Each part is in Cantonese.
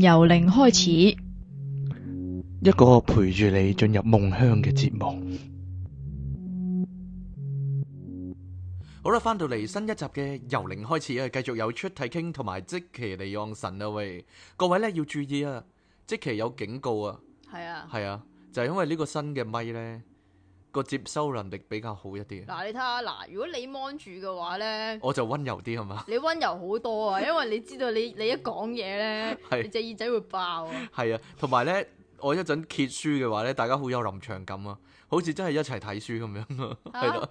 由零開始，一個陪住你進入夢鄉嘅節目。好啦，翻到嚟新一集嘅由零開始啊，繼續有出體傾同埋即其嚟讓神啦、啊、喂，各位咧要注意啊，即其有警告啊，係啊，係啊，就係、是、因為呢個新嘅咪咧。個接收能力比較好一啲。嗱，你睇下，嗱，如果你望住嘅話咧，我就温柔啲係嘛？你温柔好多啊，因為你知道你你一講嘢咧， 你隻耳仔會爆。係啊，同埋咧，我一陣揭書嘅話咧，大家好有臨場感啊， 是的 好似真係一齊睇書咁樣啊。係咯，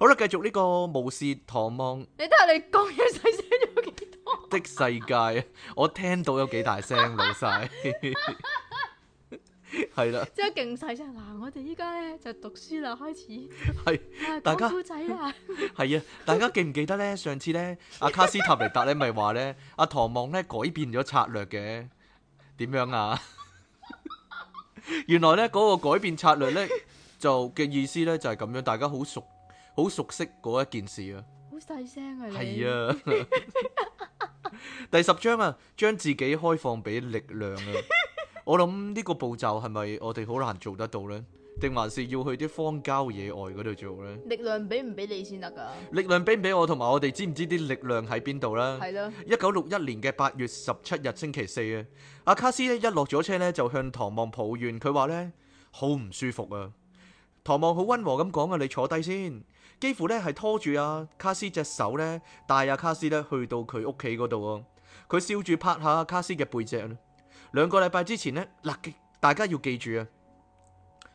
好啦，繼續呢、這個巫士唐望。你睇下你講嘢細聲咗幾多？ 的世界啊，我聽到有幾大聲，老細。係啦，即係勁細聲。嗱、啊，我哋依家咧就讀書啦，開始係，是啊、大家仔啦，係啊， 大家記唔記得咧？上次咧，阿卡斯塔尼達咧咪話咧，阿、 啊、唐望咧改變咗策略嘅，點樣啊？ 原來咧嗰、那個改變策略咧就嘅意思咧就係、是、咁樣，大家好熟好熟悉嗰一件事聲啊。好細聲啊！係啊，第十章，章啊，將自己開放俾力量啊。我諗呢個步驟係咪我哋好難做得到呢？定還是要去啲荒郊野外嗰度做呢？力量俾唔俾你先得噶？力量俾唔俾我？同埋我哋知唔知啲力量喺邊度啦？係咯的。一九六一年嘅八月十七日星期四啊，阿卡斯呢一落咗車呢，就向唐望抱怨，佢話呢，好唔舒服啊。唐望好溫和咁講啊，你坐低先，幾乎呢，係拖住阿卡斯隻手呢，帶阿卡斯呢去到佢屋企嗰度啊。佢笑住拍下卡斯嘅背脊兩個禮拜之前呢，嗱，大家要記住啊，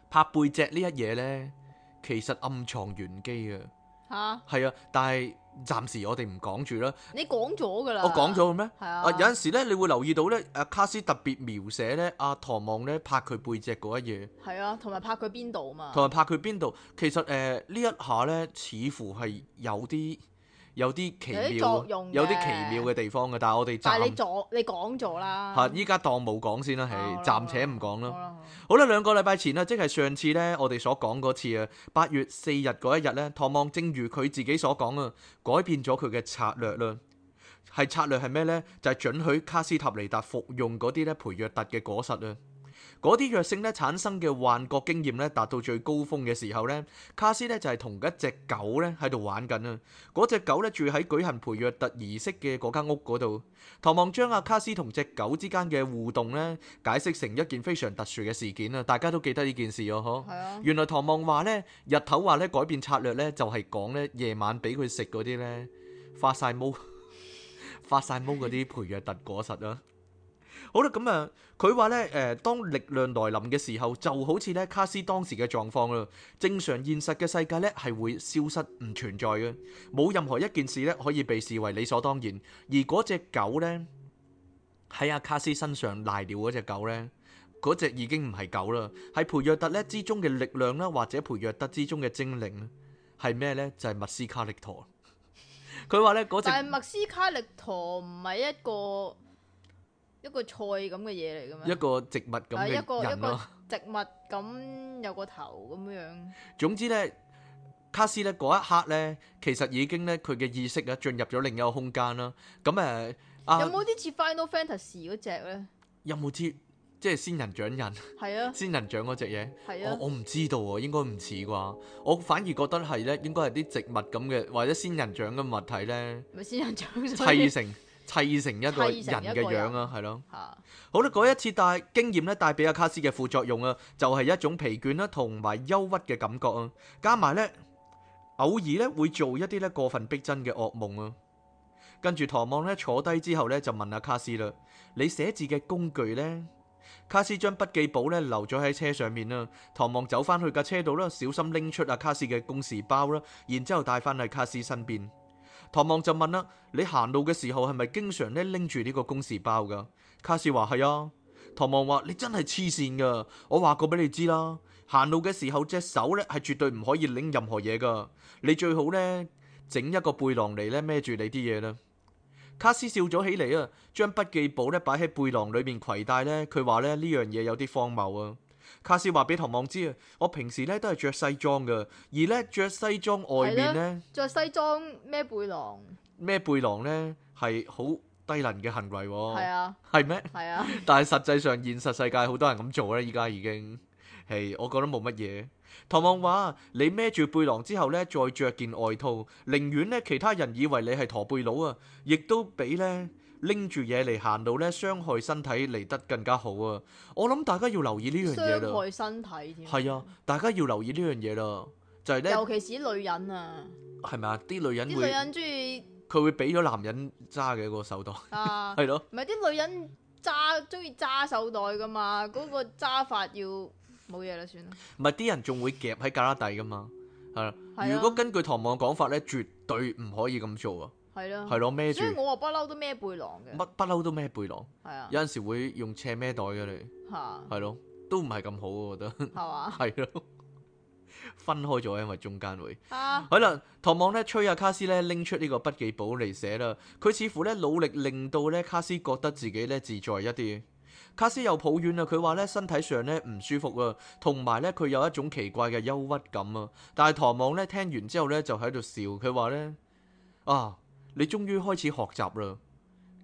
拍背脊呢一嘢呢，其實暗藏玄機啊。吓，係啊，但係暫時我哋唔講住啦。你講咗噶啦。我講咗嘅咩？係啊。有陣時咧，你會留意到呢阿、啊、卡斯特別描寫呢，阿唐望呢拍佢背脊嗰一嘢。係啊，同埋拍佢邊度啊嘛。同埋拍佢邊度，其實誒呢、呃、一下呢，似乎係有啲。有啲奇妙，有啲奇妙嘅地方嘅，但係我哋暫你左講咗啦。係依家當冇講先啦，係吧暫且唔講啦。好啦，兩個禮拜前啦，即係上次咧，我哋所講嗰次啊，八月四日嗰一日咧，唐望正如佢自己所講啊，改變咗佢嘅策略啦。係策略係咩咧？就係、是、准許卡斯塔尼達服用嗰啲咧培若特嘅果實啊。嗰啲藥性咧產生嘅幻覺經驗咧，達到最高峰嘅時候咧，卡斯咧就係、是、同一隻狗咧喺度玩緊啦。嗰隻狗咧住喺舉行培約特儀式嘅嗰間屋嗰度。唐望將阿、啊、卡斯同隻狗之間嘅互動咧解釋成一件非常特殊嘅事件啊！大家都記得呢件事喎，嗬？啊。啊原來唐望話咧，日頭話咧改變策略咧，就係講咧夜晚俾佢食嗰啲咧發晒毛、發晒毛嗰啲培約特果實啊！好啦，咁啊，佢話呢，誒、呃，當力量來臨嘅時候，就好似呢卡斯當時嘅狀況啦。正常現實嘅世界呢，係會消失唔存在嘅，冇任何一件事呢，可以被視為理所當然。而嗰隻狗呢，喺阿、啊、卡斯身上賴尿嗰隻狗呢，嗰隻已經唔係狗啦，係培約特呢之中嘅力量啦，或者培約特之中嘅精靈，係咩呢？就係、是、麥斯卡力陀。佢 話呢，嗰隻，但係麥斯卡力陀唔係一個。一個菜咁嘅嘢嚟噶嘛，一個植物咁嘅人咯。一個一個植物咁有個頭咁樣。總之咧，卡斯咧嗰一刻咧，其實已經咧佢嘅意識啊進入咗另一個空間啦。咁、啊、誒，有冇啲似 Final Fantasy 嗰隻咧？有冇啲即係仙人掌人？係 啊，仙人掌嗰隻嘢。係啊。我我唔知道啊，應該唔似啩。我反而覺得係咧，應該係啲植物咁嘅，或者仙人掌嘅物體咧。咪仙人掌砌繼成。 砌成一個人嘅樣啊，係咯，的好啦，嗰一次帶經驗咧，帶俾阿卡斯嘅副作用啊，就係、是、一種疲倦啦，同埋憂鬱嘅感覺啊，加埋咧，偶爾咧會做一啲咧過分逼真嘅惡夢啊，跟住唐望咧坐低之後咧就問阿卡斯啦，你寫字嘅工具咧，卡斯將筆記簿咧留咗喺車上面啦，唐望走翻去架車度啦，小心拎出阿卡斯嘅公事包啦，然之後帶翻去卡斯身邊。唐望就問啦：你行路嘅時候係咪經常咧拎住呢個公事包噶？卡斯話係啊。唐望話：你真係黐線噶！我話過俾你知啦，行路嘅時候隻手咧係絕對唔可以拎任何嘢噶。你最好咧整一個背囊嚟咧孭住你啲嘢啦。卡斯笑咗起嚟啊，將筆記簿咧擺喺背囊裏面攜帶咧。佢話咧呢樣嘢有啲荒謬啊。卡斯話俾唐望知啊，我平時咧都係着西裝嘅，而咧着西裝外面咧，着西裝孭背囊，孭背囊咧係好低能嘅行為喎。係啊 嗎，係咩？係啊，但係實際上現實世界好多人咁做咧，依家已經係， 我覺得冇乜嘢。唐望話：你孭住背囊之後咧，再着件外套，寧願咧其他人以為你係駝背佬啊，亦都俾咧。拎住嘢嚟行路咧，傷害身體嚟得更加好啊！我諗大家要留意呢樣嘢咯。傷害身體添。係啊，大家要留意呢樣嘢咯，就係、是、咧。尤其是女人啊。係咪啊？啲女人。啲女人中意佢會俾咗男人揸嘅嗰個手袋。啊。係咯、 啊。唔係啲女人揸中意揸手袋噶嘛？嗰、那個揸法要冇嘢啦，算啦。唔係啲人仲會夾喺胳肋底噶嘛？係啦、 啊。如果根據唐望嘅講法咧，絕對唔可以咁做啊！係咯，係咯，孭住，所以我話不嬲都孭背囊嘅。乜不嬲都孭背囊，係啊。有陣時會用斜孭袋嘅，你，吓係咯，都唔係咁好我覺得。係嘛，啊，係咯，分開咗，因為中間會。好啦，啊，唐望咧催下、啊、卡斯咧，拎出呢個筆記簿嚟寫啦。佢似乎咧努力令到咧卡斯覺得自己咧自在一啲。卡斯又抱怨啦，佢話咧身體上咧唔舒服啊，同埋咧佢有一種奇怪嘅憂鬱感啊。但係唐望咧聽完之後咧就喺度笑，佢話咧啊。啊你終於開始學習啦，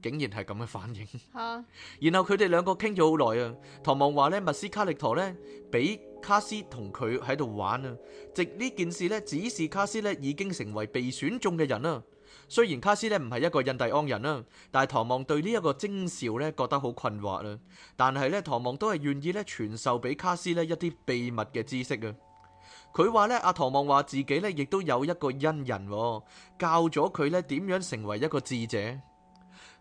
竟然係咁嘅反應。啊、然後佢哋兩個傾咗好耐啊。唐望話咧，密斯卡力陀咧，俾卡斯同佢喺度玩啊。直呢件事咧，指示卡斯咧已經成為被選中嘅人啦。雖然卡斯咧唔係一個印第安人啦，但係唐望對呢一個徵兆咧覺得好困惑啊。但係咧，唐望都係願意咧傳授俾卡斯咧一啲秘密嘅知識啊。佢話咧，阿唐望話自己咧亦都有一個恩人教咗佢咧點樣成為一個智者。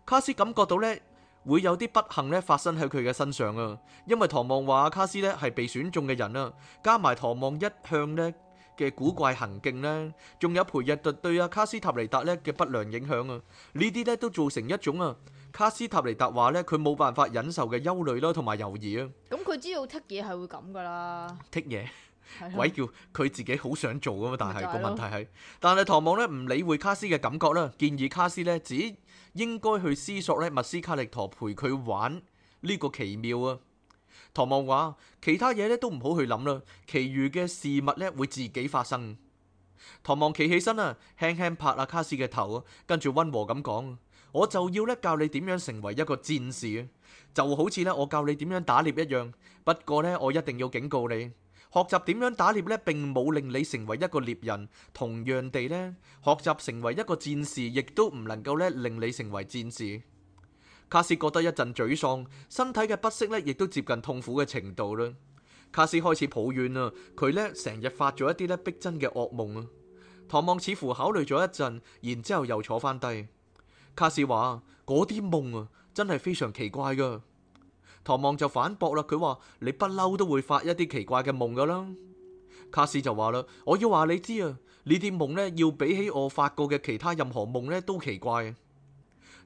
卡斯感覺到咧會有啲不幸咧發生喺佢嘅身上啊，因為唐望話卡斯咧係被選中嘅人啦，加埋唐望一向咧嘅古怪行徑咧，仲有培日特對阿卡斯塔尼達咧嘅不良影響啊，呢啲咧都造成一種啊卡斯塔尼達話咧佢冇辦法忍受嘅憂慮咯，同埋猶豫啊。咁佢知道剔嘢係會咁噶啦。剔嘢。鬼叫佢自己好想做㗎嘛。但係個問題係，就是就是但係唐望咧唔理會卡斯嘅感覺啦，建議卡斯咧只應該去思索咧，密斯卡力陀陪佢玩呢個奇妙啊！唐望話其他嘢咧都唔好去諗啦，其餘嘅事物咧會自己發生。唐望企起身啊，輕輕拍阿卡斯嘅頭，跟住溫和咁講：我就要咧教你點樣成為一個戰士啊！就好似咧我教你點樣打獵一樣，不過咧我一定要警告你。學習點樣打獵咧，並冇令你成為一個獵人；同樣地咧，學習成為一個戰士，亦都唔能夠咧令你成為戰士。卡斯覺得一陣沮喪，身體嘅不適咧，亦都接近痛苦嘅程度啦。卡斯開始抱怨啦，佢咧成日發咗一啲咧逼真嘅惡夢啊。唐望似乎考慮咗一陣，然之後又坐翻低。卡斯話：嗰啲夢啊，真係非常奇怪噶。唐望就反駁啦，佢話你不嬲都會發一啲奇怪嘅夢噶啦。卡斯就話啦，我要話你知啊，呢啲夢咧要比起我發過嘅其他任何夢咧都奇怪。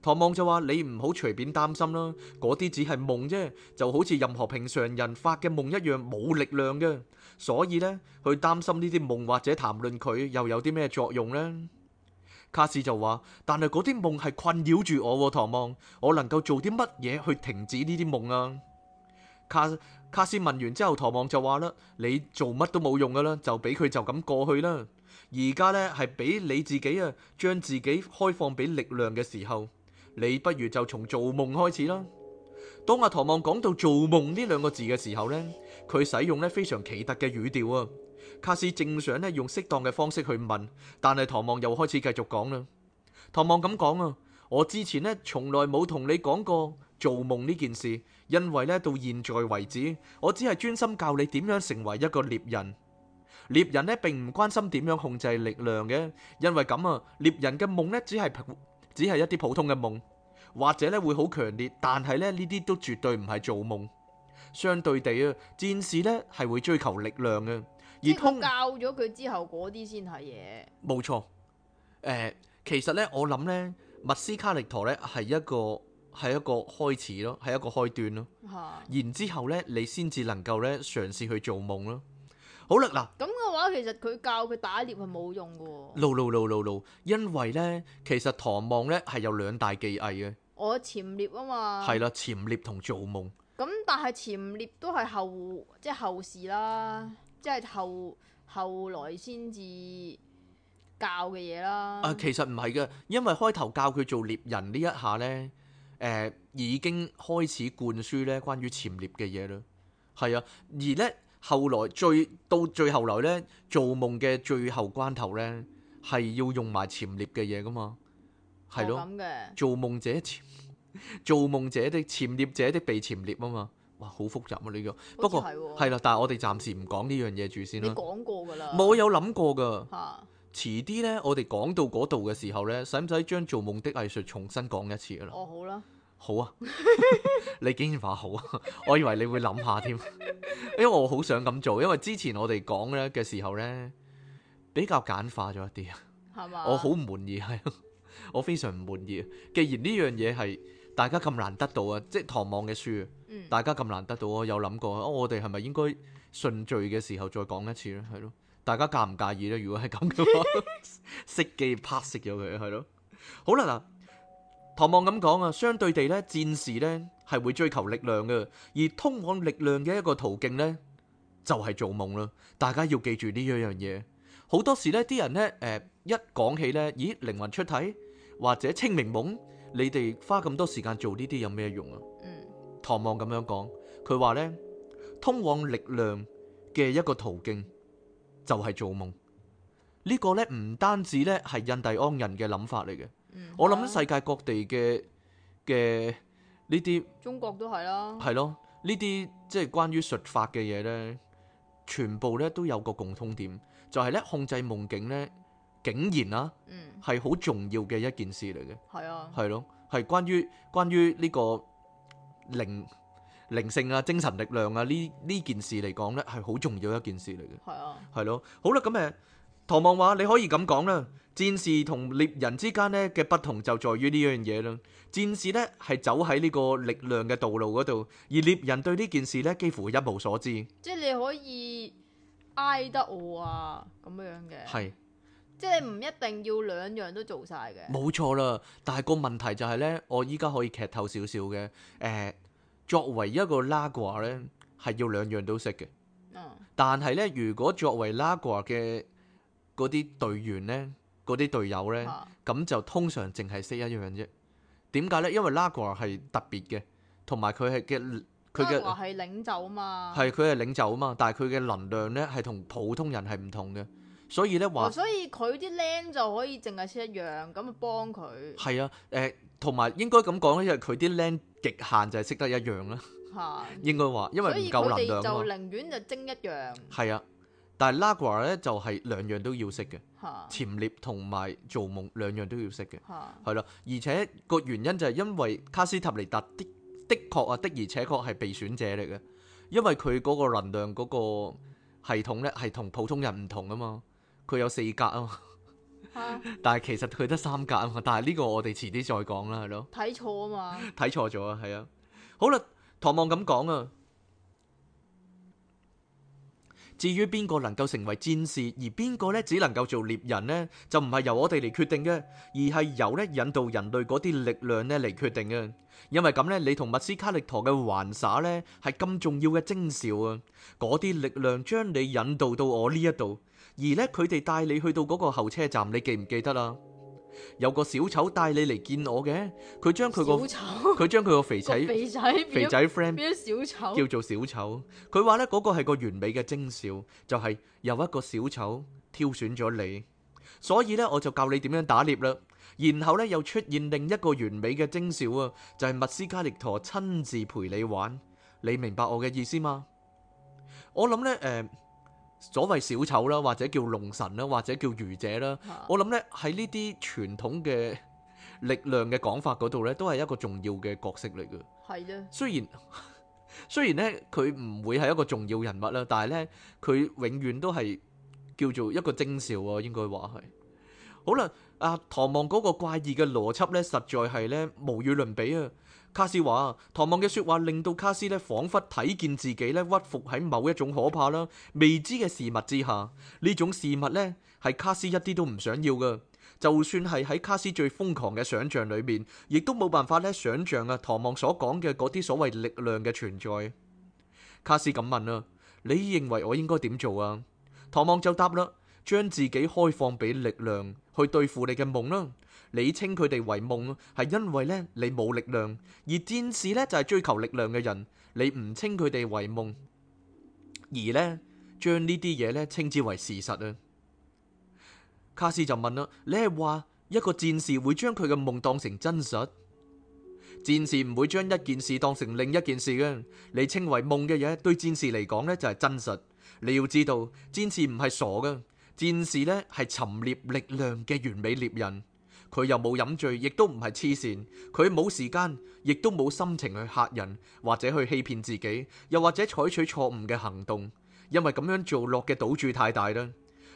唐望就話，你唔好隨便擔心啦，嗰啲只係夢啫，就好似任何平常人發嘅夢一樣冇力量嘅，所以咧，去擔心呢啲夢或者談論佢又有啲咩作用咧？卡斯就話，但係嗰啲夢係困擾住我喎。唐望，我能夠做啲乜嘢去停止呢啲夢啊？卡卡斯問完之後，唐望就話啦，你做乜都冇用噶啦，就俾佢就咁過去啦。而家咧係俾你自己啊，將自己開放俾力量嘅時候，你不如就從做夢開始啦。當阿唐望講到做夢呢兩個字嘅時候咧。佢使用呢非常奇特嘅語調啊！卡斯正想呢用適當嘅方式去問，但係唐望又開始繼續講啦。唐望咁講啊，我之前呢從來冇同你講過做夢呢件事，因為呢，到現在為止，我只係專心教你點樣成為一個獵人。獵人呢並唔關心點樣控制力量嘅，因為咁啊，獵人嘅夢呢只係只係一啲普通嘅夢，或者呢會好強烈，但係咧呢啲都絕對唔係做夢。相對地啊，戰士咧係會追求力量嘅，而通教咗佢之後嗰啲先係嘢。冇錯，誒、呃，其實咧我諗咧，密斯卡力陀咧係一個係一個開始咯，係一個開端咯。哈然之後咧你先至能夠咧嘗試去做夢咯。好啦，嗱，咁嘅話其實佢教佢打獵係冇用嘅。路路路路路，因為咧其實唐望咧係有兩大技藝嘅。我潛獵啊嘛。係啦，潛獵同做夢。咁但係潛獵都係後即係後事啦，即係後後來先至教嘅嘢啦。啊、呃，其實唔係嘅，因為開頭教佢做獵人呢一下呢，誒、呃、已經開始灌輸呢關於潛獵嘅嘢啦。係啊，而呢後來最到最後來呢，做夢嘅最後關頭呢，係要用埋潛獵嘅嘢㗎嘛，係咯，做夢者潛。做夢者的潛獵者的被潛獵啊嘛，哇，好複雜啊呢個，哦、不過係啦，但係我哋暫時唔講呢樣嘢住先啦。你講過噶啦，我有諗過噶，遲啲咧，我哋講到嗰度嘅時候咧，使唔使將做夢的藝術重新講一次噶啦？哦，好啦，好啊， 你竟然話好、啊， 我以為你會諗下添、啊， 因為我好想咁做，因為之前我哋講咧嘅時候咧，比較簡化咗一啲，係嘛的？我好唔滿意，係，我非常唔滿意。既然呢樣嘢係。大家咁難得到啊，即係唐望嘅書，大家咁難得到，我有諗過，我哋係咪應該順序嘅時候再講一次咧？係咯，大家介唔介意咧？如果係咁嘅話，食嘅拍食咗佢，係咯。好啦嗱，唐望咁講啊，相對地咧，戰士咧係會追求力量嘅，而通往力量嘅一個途徑咧就係做夢啦。大家要記住呢一樣嘢。好多時咧，啲人咧誒一講起咧，咦，靈魂出體或者清明夢。你哋花咁多時間做呢啲有咩用啊？唐望咁樣講，佢話呢，通往力量嘅一個途徑就係做夢。呢、呢個呢唔單止呢係印第安人嘅諗法嚟嘅，嗯、我諗世界各地嘅嘅呢啲，中國都係啦，係咯，呢啲即係關於術法嘅嘢呢，全部呢都有個共通點，就係、是、呢控制夢境呢。竟然啦、啊，係好、嗯、重要嘅一件事嚟嘅，係啊，係咯，係關於關於呢個靈靈性啊、精神力量啊呢呢件事嚟講咧，係好重要一件事嚟嘅，係啊，係咯，好啦，咁誒，唐望話你可以咁講啦，戰士同獵人之間咧嘅不同就在於呢樣嘢啦，戰士咧係走喺呢個力量嘅道路嗰度，而獵人對呢件事咧幾乎一無所知，即係你可以挨得我啊咁樣嘅，係。即係唔一定要兩樣都做晒嘅，冇錯啦。但係個問題就係、是、咧，我依家可以劇透少少嘅。誒、呃，作為一個拉瓜咧，係要兩樣都識嘅。嗯、但係咧，如果作為拉瓜嘅嗰啲隊員咧，嗰啲隊友咧，咁、啊、就通常淨係識一樣啫。點解咧？因為拉瓜係特別嘅，同埋佢係嘅佢嘅係領袖啊嘛。係佢係領袖啊嘛，但係佢嘅能量咧係同普通人係唔同嘅。所以咧，話、嗯、所以佢啲靚就可以淨係識一樣，咁啊幫佢。係啊，誒同埋應該咁講，因為佢啲靚極限就係識得一樣啦。係、啊、應該話，因為唔所以夠能量就寧願就精一樣。係啊，但係拉古華咧就係、是、兩樣都要識嘅，啊、潛獵同埋做夢兩樣都要識嘅，係咯、啊啊。而且個原因就係因為卡斯塔尼達的的確啊的而且確係被選者嚟嘅，因為佢嗰個能量嗰個系統咧係同普通人唔同啊嘛。佢有四格啊嘛，但係其實佢得三格啊嘛。但係呢個我哋遲啲再講啦，係咯。睇錯啊嘛 錯啊嘛，睇錯咗啊，係啊。好啦，唐望咁講啊。至於邊個能夠成為戰士，而邊個咧只能夠做獵人咧，就唔係由我哋嚟決定嘅，而係由咧引導人類嗰啲力量咧嚟決定嘅。因為咁咧，你同密斯卡力陀嘅玩耍咧係咁重要嘅徵兆啊。嗰啲力量將你引導到我呢一度。而咧，佢哋帶你去到嗰個候車站，你記唔記得啦？有個小丑帶你嚟見我嘅，佢將佢個佢將佢個肥仔肥仔肥仔子 friend 叫做小丑。佢話呢，嗰、那個係個完美嘅徵兆，就係、是、由一個小丑挑選咗你，所以呢，我就教你點樣打獵啦。然後呢，又出現另一個完美嘅徵兆啊，就係、是、密斯加力陀親自陪你玩。你明白我嘅意思嗎？我諗呢。誒、呃。所謂小丑啦，或者叫龍神啦，或者叫愚者啦，啊、我諗咧喺呢啲傳統嘅力量嘅講法嗰度咧，都係一個重要嘅角色嚟嘅。係啊的，雖然雖然咧佢唔會係一個重要人物啦，但係咧佢永遠都係叫做一個徵兆啊，應該話係好啦。阿唐望嗰個怪異嘅邏輯咧，實在係咧無與倫比啊！卡斯話，唐望嘅說話令到卡斯咧，仿佛睇見自己咧屈服喺某一種可怕啦、未知嘅事物之下。呢種事物咧，係卡斯一啲都唔想要㗎。就算係喺卡斯最瘋狂嘅想象裏面，亦都冇辦法咧想象啊。唐望所講嘅嗰啲所謂力量嘅存在。卡斯咁問啊：「你認為我應該點做啊？」唐望就答啦。將自己開放俾力量去對付你嘅夢啦，你稱佢哋為夢咯，係因為咧你冇力量，而戰士咧就係追求力量嘅人，你唔稱佢哋為夢，而咧將呢啲嘢，咧稱之為事實啊。卡斯就問啦，你係話一個戰士會將佢嘅夢當成真實？戰士唔會將一件事當成另一件事嘅，你稱為夢嘅嘢對戰士嚟講咧就係真實。你要知道，戰士唔係傻㗎。戰士咧係尋獵力量嘅完美獵人，佢又冇飲醉，亦都唔係痴線，佢冇時間，亦都冇心情去吓人或者去欺騙自己，又或者採取錯誤嘅行動，因為咁樣做落嘅賭注太大啦，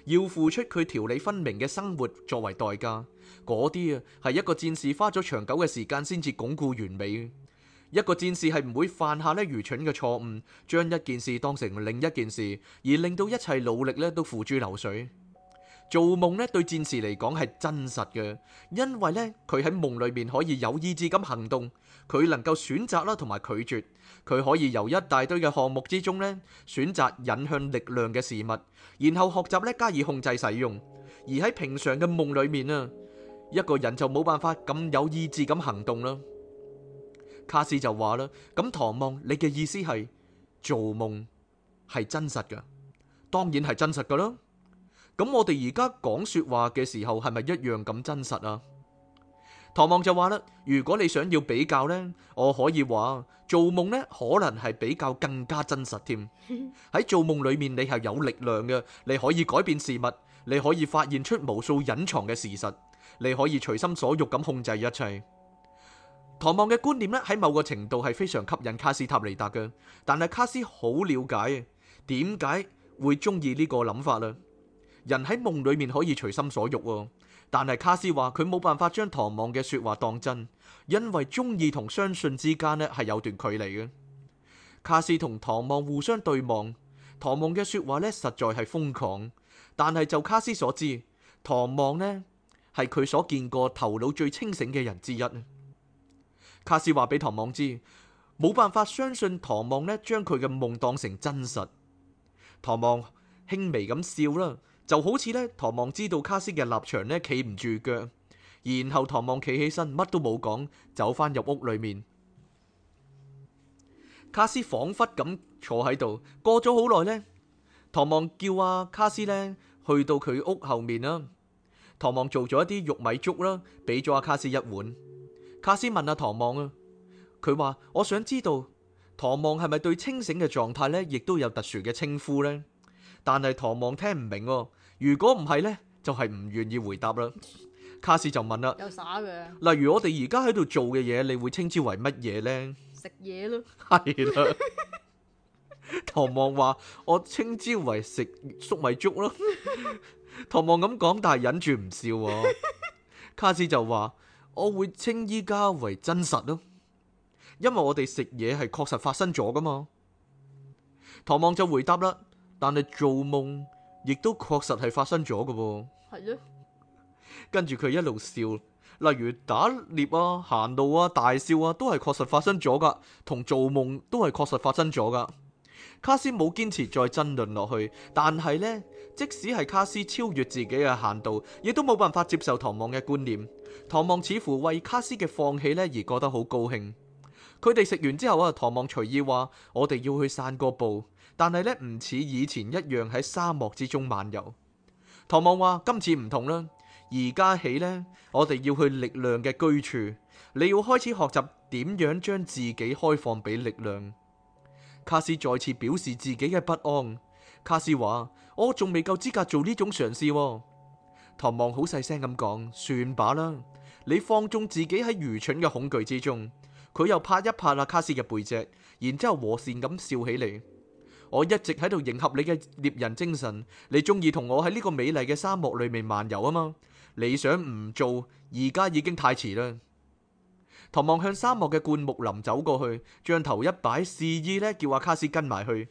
要付出佢條理分明嘅生活作為代價，嗰啲啊係一個戰士花咗長久嘅時間先至鞏固完美。一個戰士係唔會犯下咧愚蠢嘅錯誤，將一件事當成另一件事，而令到一切努力咧都付諸流水。做夢咧對戰士嚟講係真實嘅，因為咧佢喺夢裏面可以有意志咁行動，佢能夠選擇啦同埋拒絕，佢可以由一大堆嘅項目之中咧選擇引向力量嘅事物，然後學習咧加以控制使用。而喺平常嘅夢裏面啊，一個人就冇辦法咁有意志咁行動啦。卡斯就話啦，咁唐望，你嘅意思係做夢係真實噶，當然係真實噶啦。咁我哋而家講說話嘅時候係咪一樣咁真實啊？唐望就話啦，如果你想要比較呢，我可以話做夢呢可能係比較更加真實添。喺做夢裏面，你係有力量嘅，你可以改變事物，你可以發現出無數隱藏嘅事實，你可以隨心所欲咁控制一切。唐望嘅觀念咧，喺某個程度係非常吸引卡斯塔尼達嘅。但係卡斯好了解點解會中意呢個諗法啦。人喺夢裏面可以隨心所欲，但係卡斯話佢冇辦法將唐望嘅說話當真，因為中意同相信之間咧係有段距離嘅。卡斯同唐望互相對望，唐望嘅說話咧實在係瘋狂，但係就卡斯所知，唐望咧係佢所見過頭腦最清醒嘅人之一。卡斯話俾唐望知，冇辦法相信唐望咧，將佢嘅夢當成真實。唐望輕微咁笑啦，就好似咧，唐望知道卡斯嘅立場咧，企唔住腳。然後唐望企起身，乜都冇講，走返入屋裏面。卡斯恍惚咁坐喺度，過咗好耐呢。唐望叫阿卡斯咧，去到佢屋後面啦。唐望做咗一啲玉米粥啦，俾咗阿卡斯一碗。卡斯問阿、啊、唐望啊，佢話，我想知道唐望係咪對清醒嘅狀態咧，亦都有特殊嘅稱呼咧？但係唐望聽唔明哦。如果唔係咧，就係、是、唔願意回答啦。卡斯就問啦，有例如我哋而家喺度做嘅嘢，你會稱之為乜嘢咧？食嘢咯，係啦的。唐 望話，我稱之為食粟米粥咯。唐望咁講，但係忍住唔笑。卡斯就話。我會稱依家為真實咯，因為我哋食嘢，係確實發生咗噶嘛。唐望就回答啦，但係做夢亦都確實係發生咗噶噃。係啊的，跟住佢一路笑，例如打獵啊、行路啊、大笑啊，都係確實發生咗噶，同做夢都係確實發生咗噶。卡斯冇堅持再爭論落去，但係咧。即使係卡斯超越自己嘅限度，亦都冇辦法接受唐望嘅觀念。唐望似乎為卡斯嘅放棄呢而覺得好高興。佢哋食完之後啊，唐望隨意話：我哋要去散個步，但係呢唔似以前一樣喺沙漠之中漫遊。唐望話：今次唔同啦，而家起呢，我哋要去力量嘅居處。你要開始學習點樣將自己開放俾力量。卡斯再次表示自己嘅不安。卡斯話。我仲未夠資格做呢種嘗試喎，唐望好細聲咁講，算吧啦，你放縱自己喺愚蠢嘅恐懼之中。佢又拍一拍阿卡斯嘅背脊，然之後和善咁笑起嚟。我一直喺度迎合你嘅獵人精神，你中意同我喺呢個美麗嘅沙漠裏面漫遊啊嘛。你想唔做，而家已經太遲啦。唐望向沙漠嘅灌木林走過去，將頭一擺，示意咧叫阿卡斯跟埋去。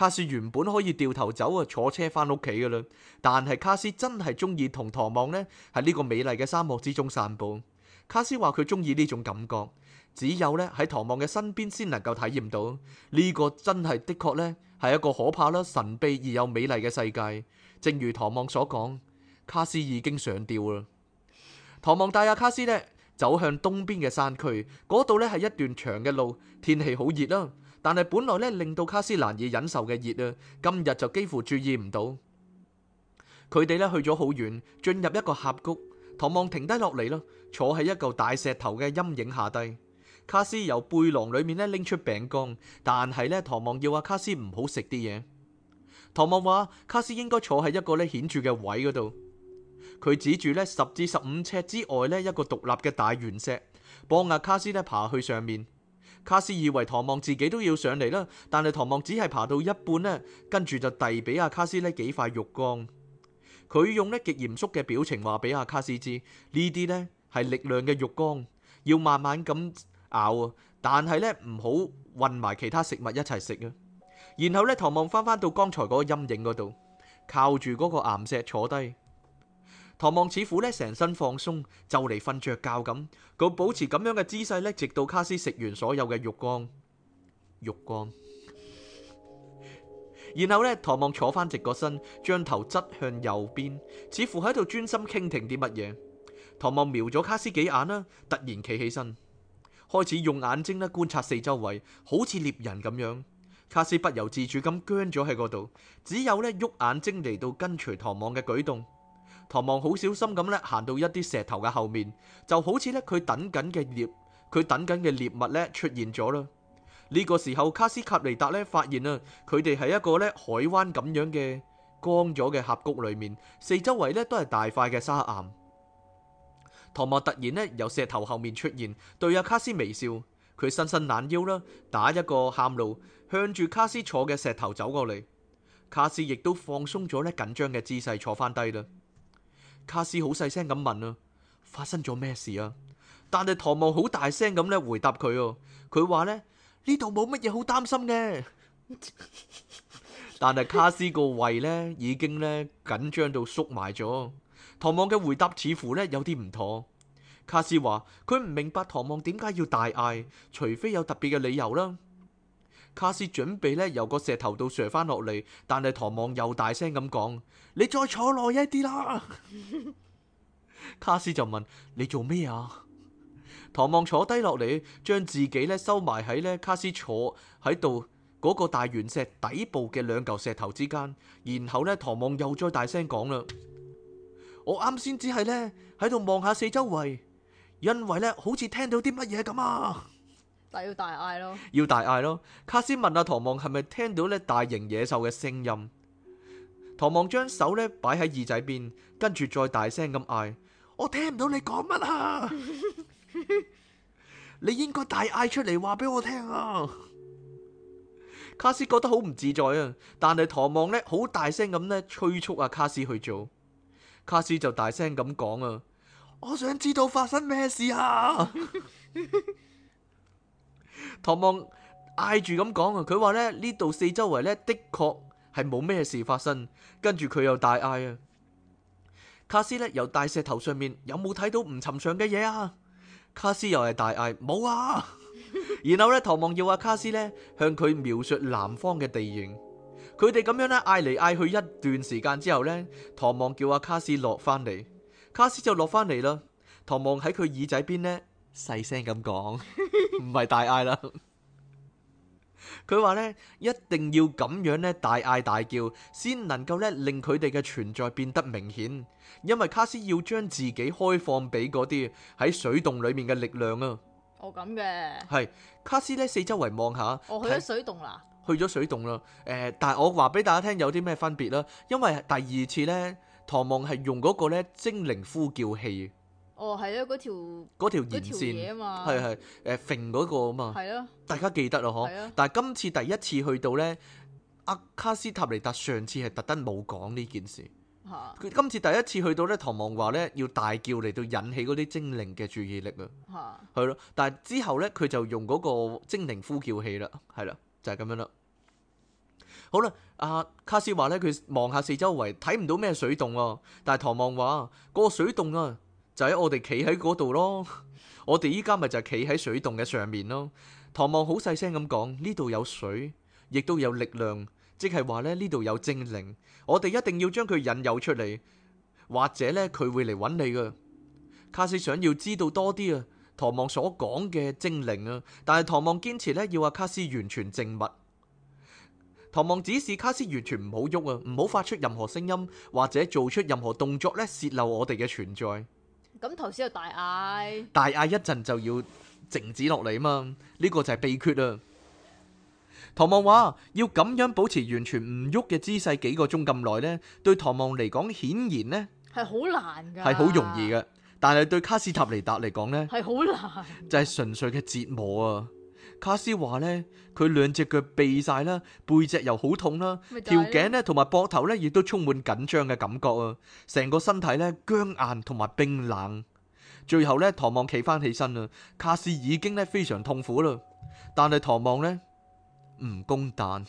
卡斯原本可以掉頭走啊，坐車翻屋企噶啦，但係卡斯真係中意同唐望呢喺呢個美麗嘅沙漠之中散步。卡斯話佢中意呢種感覺，只有呢喺唐望嘅身邊先能夠體驗到。呢個真係的確呢係一個可怕啦、神秘而又美麗嘅世界。正如唐望所講，卡斯已經上吊啦。唐望帶阿卡斯呢走向東邊嘅山區，嗰度呢係一段長嘅路，天氣好熱啦。但係本來咧，令到卡斯難以忍受嘅熱啊，今日就幾乎注意唔到。佢哋咧去咗好遠，進入一個峽谷。唐望停低落嚟咯，坐喺一嚿大石頭嘅陰影下低。卡斯由背囊裏面咧拎出餅乾，但係咧唐望要阿卡斯唔好食啲嘢。唐望話卡斯應該坐喺一個咧顯著嘅位嗰度。佢指住咧十至十五尺之外咧一個獨立嘅大圓石，幫阿卡斯咧爬去上面。卡斯以為唐望自己都要上嚟啦，但係唐望只係爬到一半咧，跟住就遞俾阿卡斯呢幾塊肉乾。佢用咧極嚴肅嘅表情話俾阿卡斯知，呢啲咧係力量嘅肉乾，要慢慢咁咬啊，但係咧唔好混埋其他食物一齊食啊。然後咧，唐望翻返到剛才嗰個陰影嗰度，靠住嗰個岩石坐低。唐望似乎咧成身放鬆，就嚟瞓着覺咁，佢保持咁樣嘅姿勢咧，直到卡斯食完所有嘅肉光肉光。然後咧，唐望坐翻直個身，將頭側向右邊，似乎喺度專心傾聽啲乜嘢。唐望瞄咗卡斯幾眼啦，突然企起身，開始用眼睛咧觀察四周圍，好似獵人咁樣。卡斯不由自主咁僵咗喺嗰度，只有咧喐眼睛嚟到跟隨唐望嘅舉動。唐望好小心咁咧，行到一啲石頭嘅後面，就好似咧佢等緊嘅獵，佢等緊嘅獵物咧出現咗啦。呢、這個時候，卡斯卡尼達咧發現啊，佢哋係一個咧海灣咁樣嘅光咗嘅峽谷裏面，四周圍咧都係大塊嘅沙岩。唐望突然咧由石頭後面出現，對阿卡斯微笑，佢伸伸懶腰啦，打一個喊路，向住卡斯坐嘅石頭走過嚟。卡斯亦都放鬆咗咧緊張嘅姿勢，坐翻低啦。卡斯好細聲咁問啊，發生咗咩事啊？但係唐望好大聲咁咧回答佢，哦，佢話咧呢度冇乜嘢好擔心嘅。但係卡斯個胃咧已經咧緊張到縮埋咗。唐望嘅回答似乎咧有啲唔妥。卡斯話佢唔明白唐望點解要大嗌，除非有特別嘅理由啦。卡斯準備咧由個石頭度射翻落嚟，但係唐望又大聲咁講：你再坐耐一啲啦！ 卡斯就問：你做咩啊？唐望坐低落嚟，將自己咧收埋喺咧卡斯坐喺度嗰個大圓石底部嘅兩嚿石頭之間，然後咧唐望又再大聲講啦： 我啱先只係咧喺度望下四周圍，因為咧好似聽到啲乜嘢咁啊！但要大嗌咯，要大嗌咯！卡斯問阿、啊、唐望係咪聽到咧大型野獸嘅聲音？唐望將手咧擺喺耳仔邊，跟住再大聲咁嗌： 我聽唔到你講乜啊！ 你應該大嗌出嚟話俾我聽啊！卡斯覺得好唔自在啊，但係唐望咧好大聲咁咧催促阿卡斯去做，卡斯就大聲咁講啊：我想知道發生咩事啊！ 唐望嗌住咁講啊，佢話咧呢度四周圍咧的確係冇咩事發生，跟住佢又大嗌啊！卡斯咧由大石頭上面有冇睇到唔尋常嘅嘢啊？卡斯又係大嗌冇啊！ 然後咧，唐望要阿、啊、卡斯咧向佢描述南方嘅地形，佢哋咁樣咧嗌嚟嗌去一段時間之後咧，唐望叫阿、啊、卡斯落翻嚟，卡斯就落翻嚟啦。唐望喺佢耳仔邊咧。細聲咁講，唔係大嗌啦。佢話呢，一定要咁樣呢，大嗌大叫，先能夠呢令佢哋嘅存在變得明顯。因為卡斯要將自己開放俾嗰啲喺水洞裏面嘅力量啊。哦，咁嘅。係，卡斯呢，四周圍望下。哦，去咗水洞啦。去咗水洞啦。誒，但係我話俾大家聽有啲咩分別啦。因為第二次呢，唐望係用嗰個呢，精靈呼叫器。哦，係啊，嗰條嗰條沿線嘢啊嘛，係係誒揈嗰個啊嘛，係咯的，大家記得咯嗬。的但係今次第一次去到咧，阿卡斯塔尼達上次係特登冇講呢件事，佢的今次第一次去到咧，唐望話咧要大叫嚟到引起嗰啲精靈嘅注意力啊，係咯的。但係之後咧，佢就用嗰個精靈呼叫器啦，係啦，就係、是、咁樣啦。好啦，阿、啊、卡斯話咧，佢望下四周圍睇唔到咩水洞啊。但係唐望話嗰個水洞啊。就喺我哋企喺嗰度咯。 我哋依家咪就係企喺水洞嘅上面咯。唐望好細聲咁講，呢度有水，亦都有力量，即係話咧，呢度有精靈。我哋一定要將佢引誘出嚟，或者咧佢會嚟搵你噶。卡斯想要知道多啲啊，唐望所講嘅精靈啊，但係唐望堅持咧要阿卡斯完全靜默。唐望指示卡斯完全唔好喐啊，唔好發出任何聲音或者做出任何動作咧，泄漏我哋嘅存在。咁頭先又大嗌，大嗌一陣就要靜止落嚟嘛，呢個就係秘訣啊！唐望話要咁樣保持完全唔喐嘅姿勢幾個鐘咁耐呢？對唐望嚟講顯然呢係好難㗎，係好容易嘅，但係對卡斯塔尼達嚟講呢，係好難，就係純粹嘅折磨啊！卡斯話咧，佢兩隻腳痹晒啦，背脊又好痛啦，條頸咧同埋膊頭咧亦都充滿緊張嘅感覺啊！成個身體咧僵硬同埋冰冷，最後咧唐望企翻起身啦。卡斯已經咧非常痛苦啦，但係唐望咧唔公彈，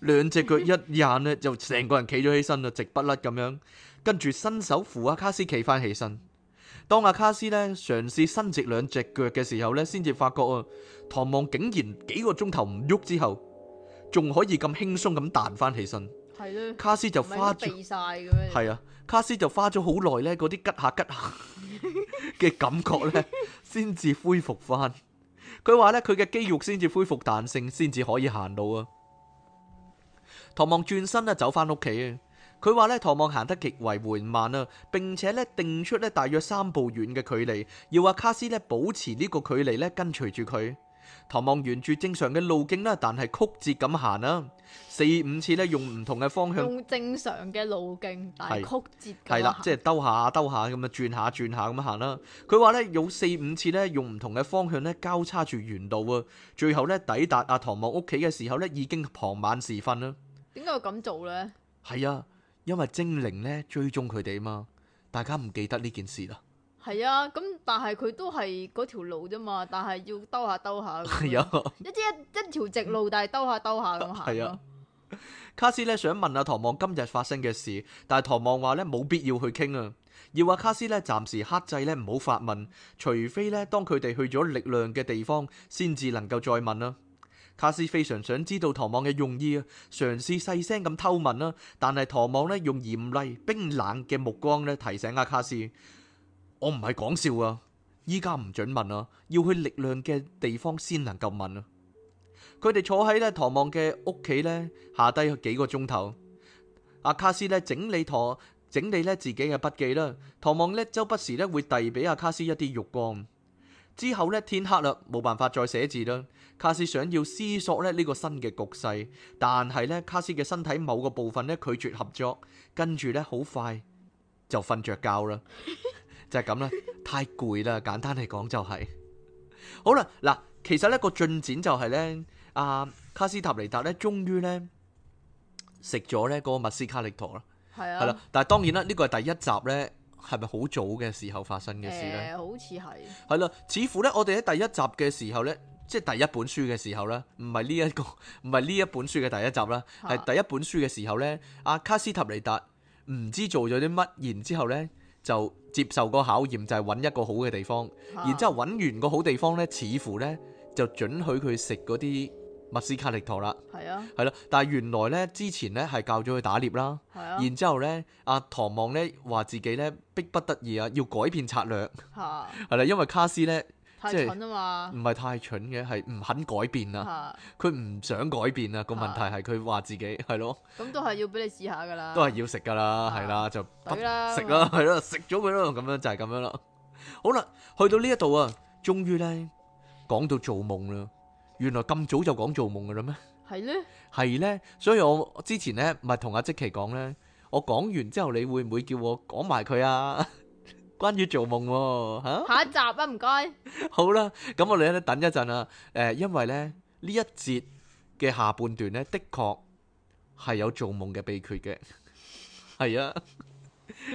兩隻腳一眼咧 就成個人企咗起身啦，直筆甩咁樣，跟住伸手扶阿卡斯企翻起身。當阿、啊、卡斯咧嘗試伸直兩隻腳嘅時候咧，先至發覺啊，唐望竟然幾個鐘頭唔喐之後，仲可以咁輕鬆咁彈翻起身。係的卡斯就花咗，係啊，卡斯就花咗好耐咧，嗰啲吉下吉下嘅感覺咧，先至 恢復翻。佢話咧，佢嘅肌肉先至恢復彈性，先至可以行路啊。唐望轉身咧，走翻屋企啊。佢話咧，唐望行得極為緩慢啊，並且咧定出咧大約三步遠嘅距離，要阿卡斯咧保持呢個距離咧跟隨住佢。唐望沿住正常嘅路徑啦，但係曲折咁行啦，四五次咧用唔同嘅方向，用正常嘅路徑但係曲折係啦，即係兜下兜下咁啊，轉下轉下咁行啦。佢話咧有四五次咧用唔同嘅方向咧交叉住原道。啊，最後咧抵達阿唐望屋企嘅時候咧，已經傍晚時分啦。點解要咁做咧？係啊。因為精靈咧追蹤佢哋啊嘛，大家唔記得呢件事啦。係啊，咁但係佢都係嗰條路啫嘛，但係要兜下兜下咁。係啊、哎呦，一啲一一條直路，但係兜下兜下咁行咯。卡斯咧想問阿唐望今日發生嘅事，但係唐望話咧冇必要去傾啊，要話、啊、卡斯咧暫時克制咧唔好發問，除非咧當佢哋去咗力量嘅地方，先至能夠再問啊。卡斯非常想知道唐望嘅用意啊，嘗試細聲咁偷問啦，但係唐望咧用嚴厲冰冷嘅目光咧提醒阿卡斯：我唔係講笑啊，依家唔准問啊，要去力量嘅地方先能夠問啊。佢哋坐喺咧唐望嘅屋企咧下低幾個鐘頭，阿卡斯咧整理陀整理咧自己嘅筆記啦，唐望咧周不時咧會遞俾阿卡斯一啲玉光。之後咧天黑啦，冇辦法再寫字啦。卡斯想要思索咧呢個新嘅局勢，但係咧卡斯嘅身體某個部分咧拒絕合作，跟住咧好快就瞓着覺啦， 就係咁啦，太攰啦。簡單嚟講就係、是、好啦，嗱，其實咧個進展就係咧阿卡斯塔尼達咧終於咧食咗咧嗰個密斯卡力陀啦，係 啊，係啦，但係當然啦呢個係第一集咧。係咪好早嘅時候發生嘅事呢？嗯、好似係。係啦，似乎呢，我哋喺第一集嘅時候呢，即係第一本書嘅時候呢，唔係呢一個，唔係呢一本書嘅第一集啦，係、啊、第一本書嘅時候呢，阿卡斯塔尼達唔知做咗啲乜，然之後呢就接受個考驗，就係、是、揾一個好嘅地方，啊、然之後揾完個好地方呢，似乎呢就准許佢食嗰啲。密斯卡力陀啦，係啊，係咯，但係原來咧之前咧係教咗佢打獵啦，係啊，然之後咧阿唐望咧話自己咧逼不得已啊要改變策略，係啦，因為卡斯咧太蠢啊嘛，唔係太蠢嘅，係唔肯改變啊，佢唔想改變啊，個問題係佢話自己係咯，咁都係要俾你試下噶啦，都係要食噶啦，係啦就食啦，係咯，食咗佢咯，咁樣就係咁樣啦，好啦，去到呢一度啊，終於咧講到做夢啦。原來咁早就講做夢㗎啦咩？係咧，係咧，所以我之前咧咪同阿即奇講咧，我講完之後你會唔會叫我講埋佢啊？關於做夢吓，下一集啊，唔該。好啦，咁我哋喺度等一陣啊，誒，因為咧呢一節嘅下半段咧的確係有做夢嘅秘訣嘅，係啊，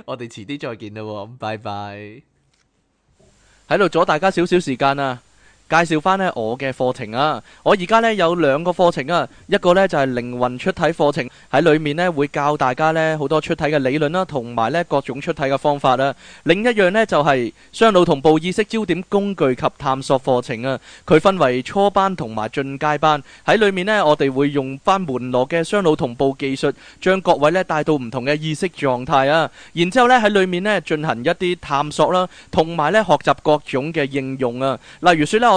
我哋遲啲再見啦，咁拜拜，喺度阻大家少少時間啊。介紹翻咧我嘅課程啊！我而家咧有兩個課程啊，一個咧就係靈魂出體課程，喺裡面咧會教大家咧好多出體嘅理論啦，同埋咧各種出體嘅方法啊。另一樣咧就係雙腦同步意識焦點工具及探索課程啊。佢分為初班同埋進階班，喺裡面咧我哋會用返門羅嘅雙腦同步技術，將各位咧帶到唔同嘅意識狀態啊。然之後咧喺裡面咧進行一啲探索啦，同埋咧學習各種嘅應用啊。例如説咧我。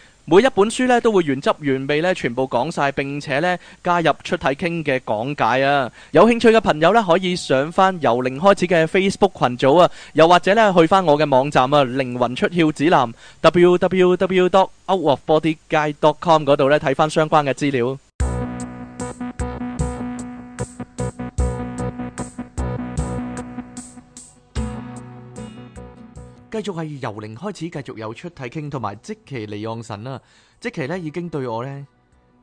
每一本書咧都會原汁原味咧全部講晒，並且咧加入出體傾嘅講解啊！有興趣嘅朋友咧可以上翻由零開始嘅 Facebook 群組啊，又或者咧去翻我嘅網站啊靈魂出竅指南 www.outofbodyguide.com 嗰度咧睇翻相關嘅資料。繼續係由零開始，繼續有出體傾，同埋即其利用神啦。即其咧已經對我咧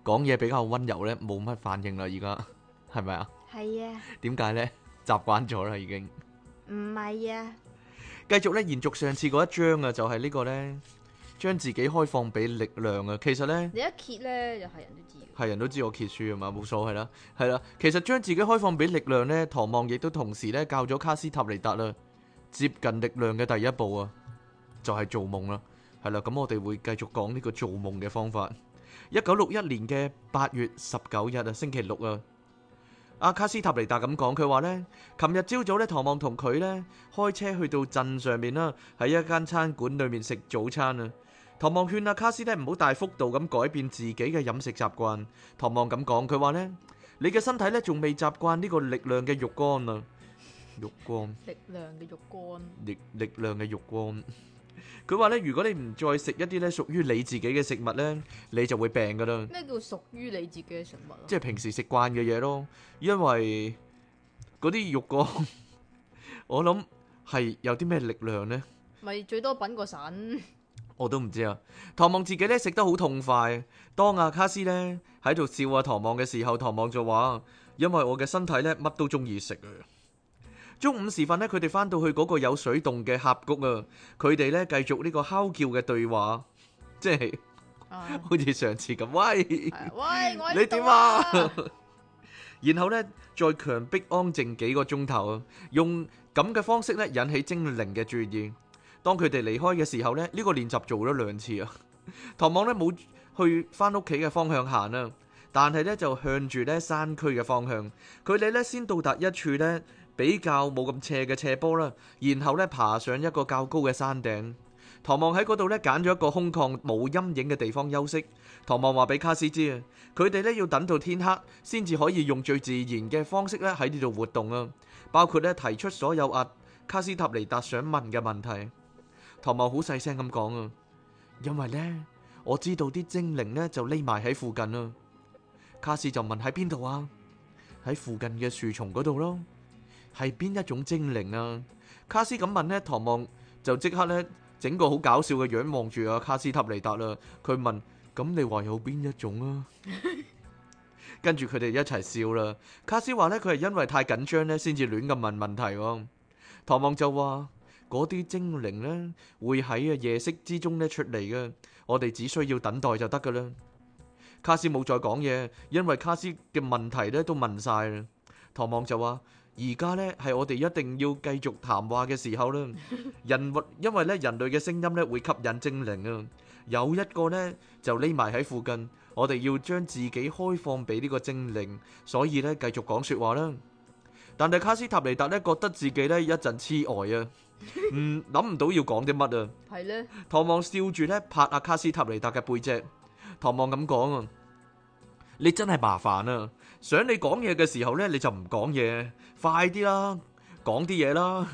講嘢比較溫柔咧，冇乜反應啦。而家係咪啊？係啊。點解咧？習慣咗啦，已經。唔係啊。繼續咧，延續上次嗰一章啊，就係呢個咧，將自己開放俾力量啊。其實咧，你一揭咧就係人都知，係人都知我揭書啊嘛，冇所謂啦，係啦。其實將自己開放俾力量咧，唐望亦都同時咧教咗卡斯塔尼達啦。接近力量嘅第一步啊，就係、是、做夢啦，係啦，咁我哋會繼續講呢個做夢嘅方法。一九六一年嘅八月十九日啊，星期六啊，阿卡斯塔尼達咁講，佢話呢，琴日朝早咧，唐望同佢咧開車去到鎮上面啦、啊，喺一間餐館裏面食早餐啊。唐望勸阿、啊、卡斯咧唔好大幅度咁改變自己嘅飲食習慣。唐望咁講，佢話呢，你嘅身體咧仲未習慣呢習慣個力量嘅肉乾啊。肉乾，力量嘅肉乾，力力量嘅肉乾。佢話咧，如果你唔再食一啲咧屬於你自己嘅食物咧，你就會病噶啦。咩叫屬於你自己嘅食物？即係平時食慣嘅嘢咯。因為嗰啲肉乾， 我諗係有啲咩力量呢？咪最多品個腎， 我都唔知啊。唐望自己咧食得好痛快。當阿、啊、卡斯咧喺度笑阿、啊、唐望嘅時候，唐望就話：，因為我嘅身體咧乜都中意食啊。中午時分咧，佢哋翻到去嗰個有水洞嘅峽谷啊！佢哋咧繼續呢個敲叫嘅對話，即係好似上次咁。喂喂，你點啊？然後咧再強迫安靜幾個鐘頭，用咁嘅方式咧引起精靈嘅注意。當佢哋離開嘅時候咧，呢個練習做咗兩次啊。唐望咧冇去翻屋企嘅方向行啊，但係咧就向住咧山區嘅方向。佢哋咧先到達一處咧。比較冇咁斜嘅斜坡啦，然後咧爬上一個較高嘅山頂，唐望喺嗰度咧揀咗一個空曠冇陰影嘅地方休息。唐望話俾卡斯知啊，佢哋咧要等到天黑先至可以用最自然嘅方式咧喺呢度活動啊，包括咧提出所有阿卡斯塔尼達想問嘅問題。唐望好細聲咁講啊，因為咧我知道啲精靈咧就匿埋喺附近啊。卡斯就問，喺邊度啊？喺附近嘅樹叢嗰度咯。係邊一種精靈啊？卡斯咁問咧，唐望就即刻咧整個好搞笑嘅樣望住阿卡斯塔尼達啦，佢問，咁你話有邊一種啊？跟住佢哋一齊笑啦。卡斯話咧，佢係因為太緊張咧，先至亂咁問問題。唐望就話，嗰啲精靈咧會喺啊夜色之中咧出嚟嘅，我哋只需要等待就得噶啦。卡斯冇再講嘢，因為卡斯嘅問題咧都問晒啦。唐望就話。而家咧係我哋一定要繼續談話嘅時候啦。人因為咧人類嘅聲音咧會吸引精靈啊，有一個呢，就匿埋喺附近，我哋要將自己開放俾呢個精靈，所以咧繼續講說話啦。但係卡斯塔尼達咧覺得自己咧一陣癡呆啊，嗯諗唔到要講啲乜啊。係咧。唐望笑住咧拍下卡斯塔尼達嘅背脊，唐望咁講啊，你真係麻煩啊。想你講嘢嘅時候呢，你就唔講嘢，快啲啦，講啲嘢啦。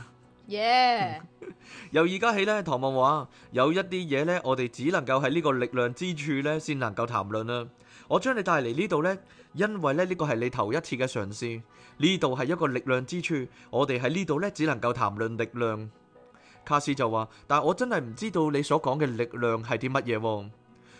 耶！Yeah. 由而家起呢，唐望話有一啲嘢呢，我哋只能夠喺呢個力量之處呢先能夠談論啊。我將你帶嚟呢度呢，因為呢呢個係你頭一次嘅嘗試。呢度係一個力量之處，我哋喺呢度呢只能夠談論力量。卡斯就話，但我真係唔知道你所講嘅力量係啲乜嘢。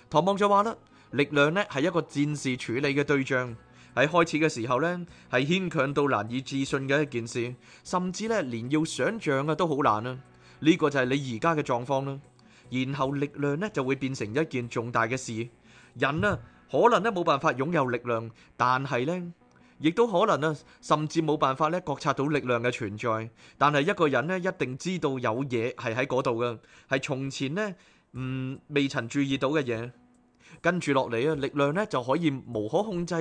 唐望就話啦，力量呢係一個戰士處理嘅對象。喺開始嘅時候呢，係牽強到難以置信嘅一件事，甚至呢連要想象嘅都好難啊。呢個就係你而家嘅狀況啦。然後力量呢就會變成一件重大嘅事。人啊可能呢冇辦法擁有力量，但係呢亦都可能啊，甚至冇辦法咧覺察到力量嘅存在。但係一個人呢，一定知道有嘢係喺嗰度㗎，係從前呢嗯未曾注意到嘅嘢。跟住落嚟啊，力量呢就可以無可控制。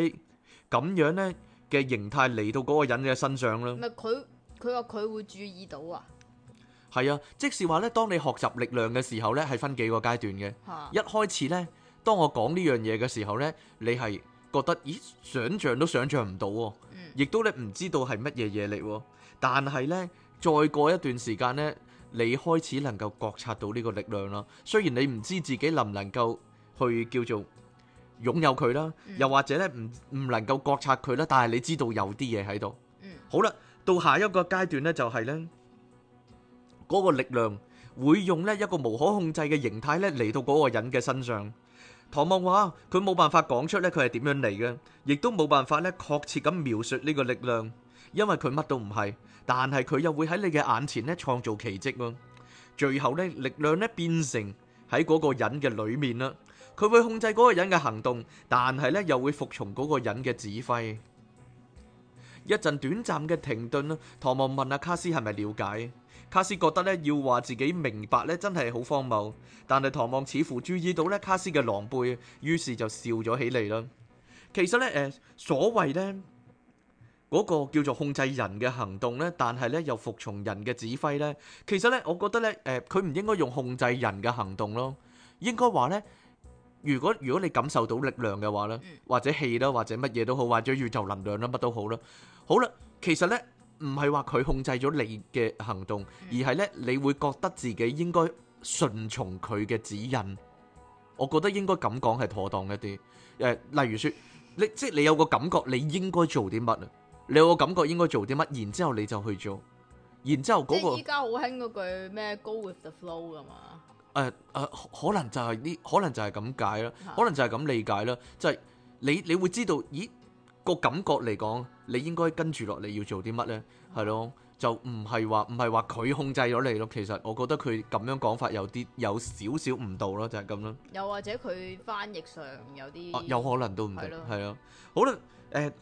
咁樣呢嘅，形態嚟到嗰個人嘅身上咯。佢佢話佢會注意到啊？係啊，即是話呢。當你學習力量嘅時候呢，係分幾個階段嘅。啊、一開始呢，當我講呢樣嘢嘅時候呢，你係覺得咦，想象都想象唔到，嗯，亦都你唔知道係乜嘢嘢嚟。但係呢，再過一段時間呢，你開始能夠覺察到呢個力量啦。雖然你唔知自己能唔能夠去叫做。擁有佢啦，又或者咧，唔唔能夠覺察佢啦，但係你知道有啲嘢喺度。好啦，到下一個階段咧就係咧嗰個力量會用咧一個無可控制嘅形態咧嚟到嗰個人嘅身上。唐望話佢冇辦法講出咧佢係點樣嚟嘅，亦都冇辦法咧確切咁描述呢個力量，因為佢乜都唔係。但係佢又會喺你嘅眼前咧創造奇迹喎。最後咧，力量咧變成喺嗰個人嘅裏面啦。佢會控制嗰個人嘅行動，但係咧又會服從嗰個人嘅指揮。一陣短暫嘅停頓啦，唐望問阿、啊、卡斯係咪了解？卡斯覺得咧要話自己明白咧，真係好荒謬。但係唐望似乎注意到咧卡斯嘅狼狽，於是就笑咗起嚟啦。其實咧，誒、呃，所謂咧嗰個叫做控制人嘅行動咧，但係咧又服從人嘅指揮咧，其實咧，我覺得咧，誒、呃，佢唔應該用控制人嘅行動咯，應該話咧。如果如果你感受到力量嘅話呢、嗯、或者氣啦，或者乜嘢都好，或者宇宙能量啦，乜都好啦，好啦，其實呢唔係話佢控制咗你嘅行動，嗯、而係呢，你會覺得自己應該順從佢嘅指引。我覺得應該咁講係妥當一啲。誒、呃，例如説，你即係你有個感覺，你應該做啲乜啊？你有個感覺應該做啲乜，然之後你就去做，然之後嗰、嗰個依家好興嗰句咩？Go with the flow 嘛？誒誒、呃呃，可能就係、是、呢，可能就係咁解啦，的可能就係咁理解啦，就係、是、你你會知道，咦、那個感覺嚟講，你應該跟住落嚟要做啲乜呢？係咯，就唔係話唔係話佢控制咗你咯。其實我覺得佢咁樣講法有啲有少少誤導啦，就係咁啦。又或者佢翻譯上有啲、啊，有可能都唔定係啊。好啦，誒、呃，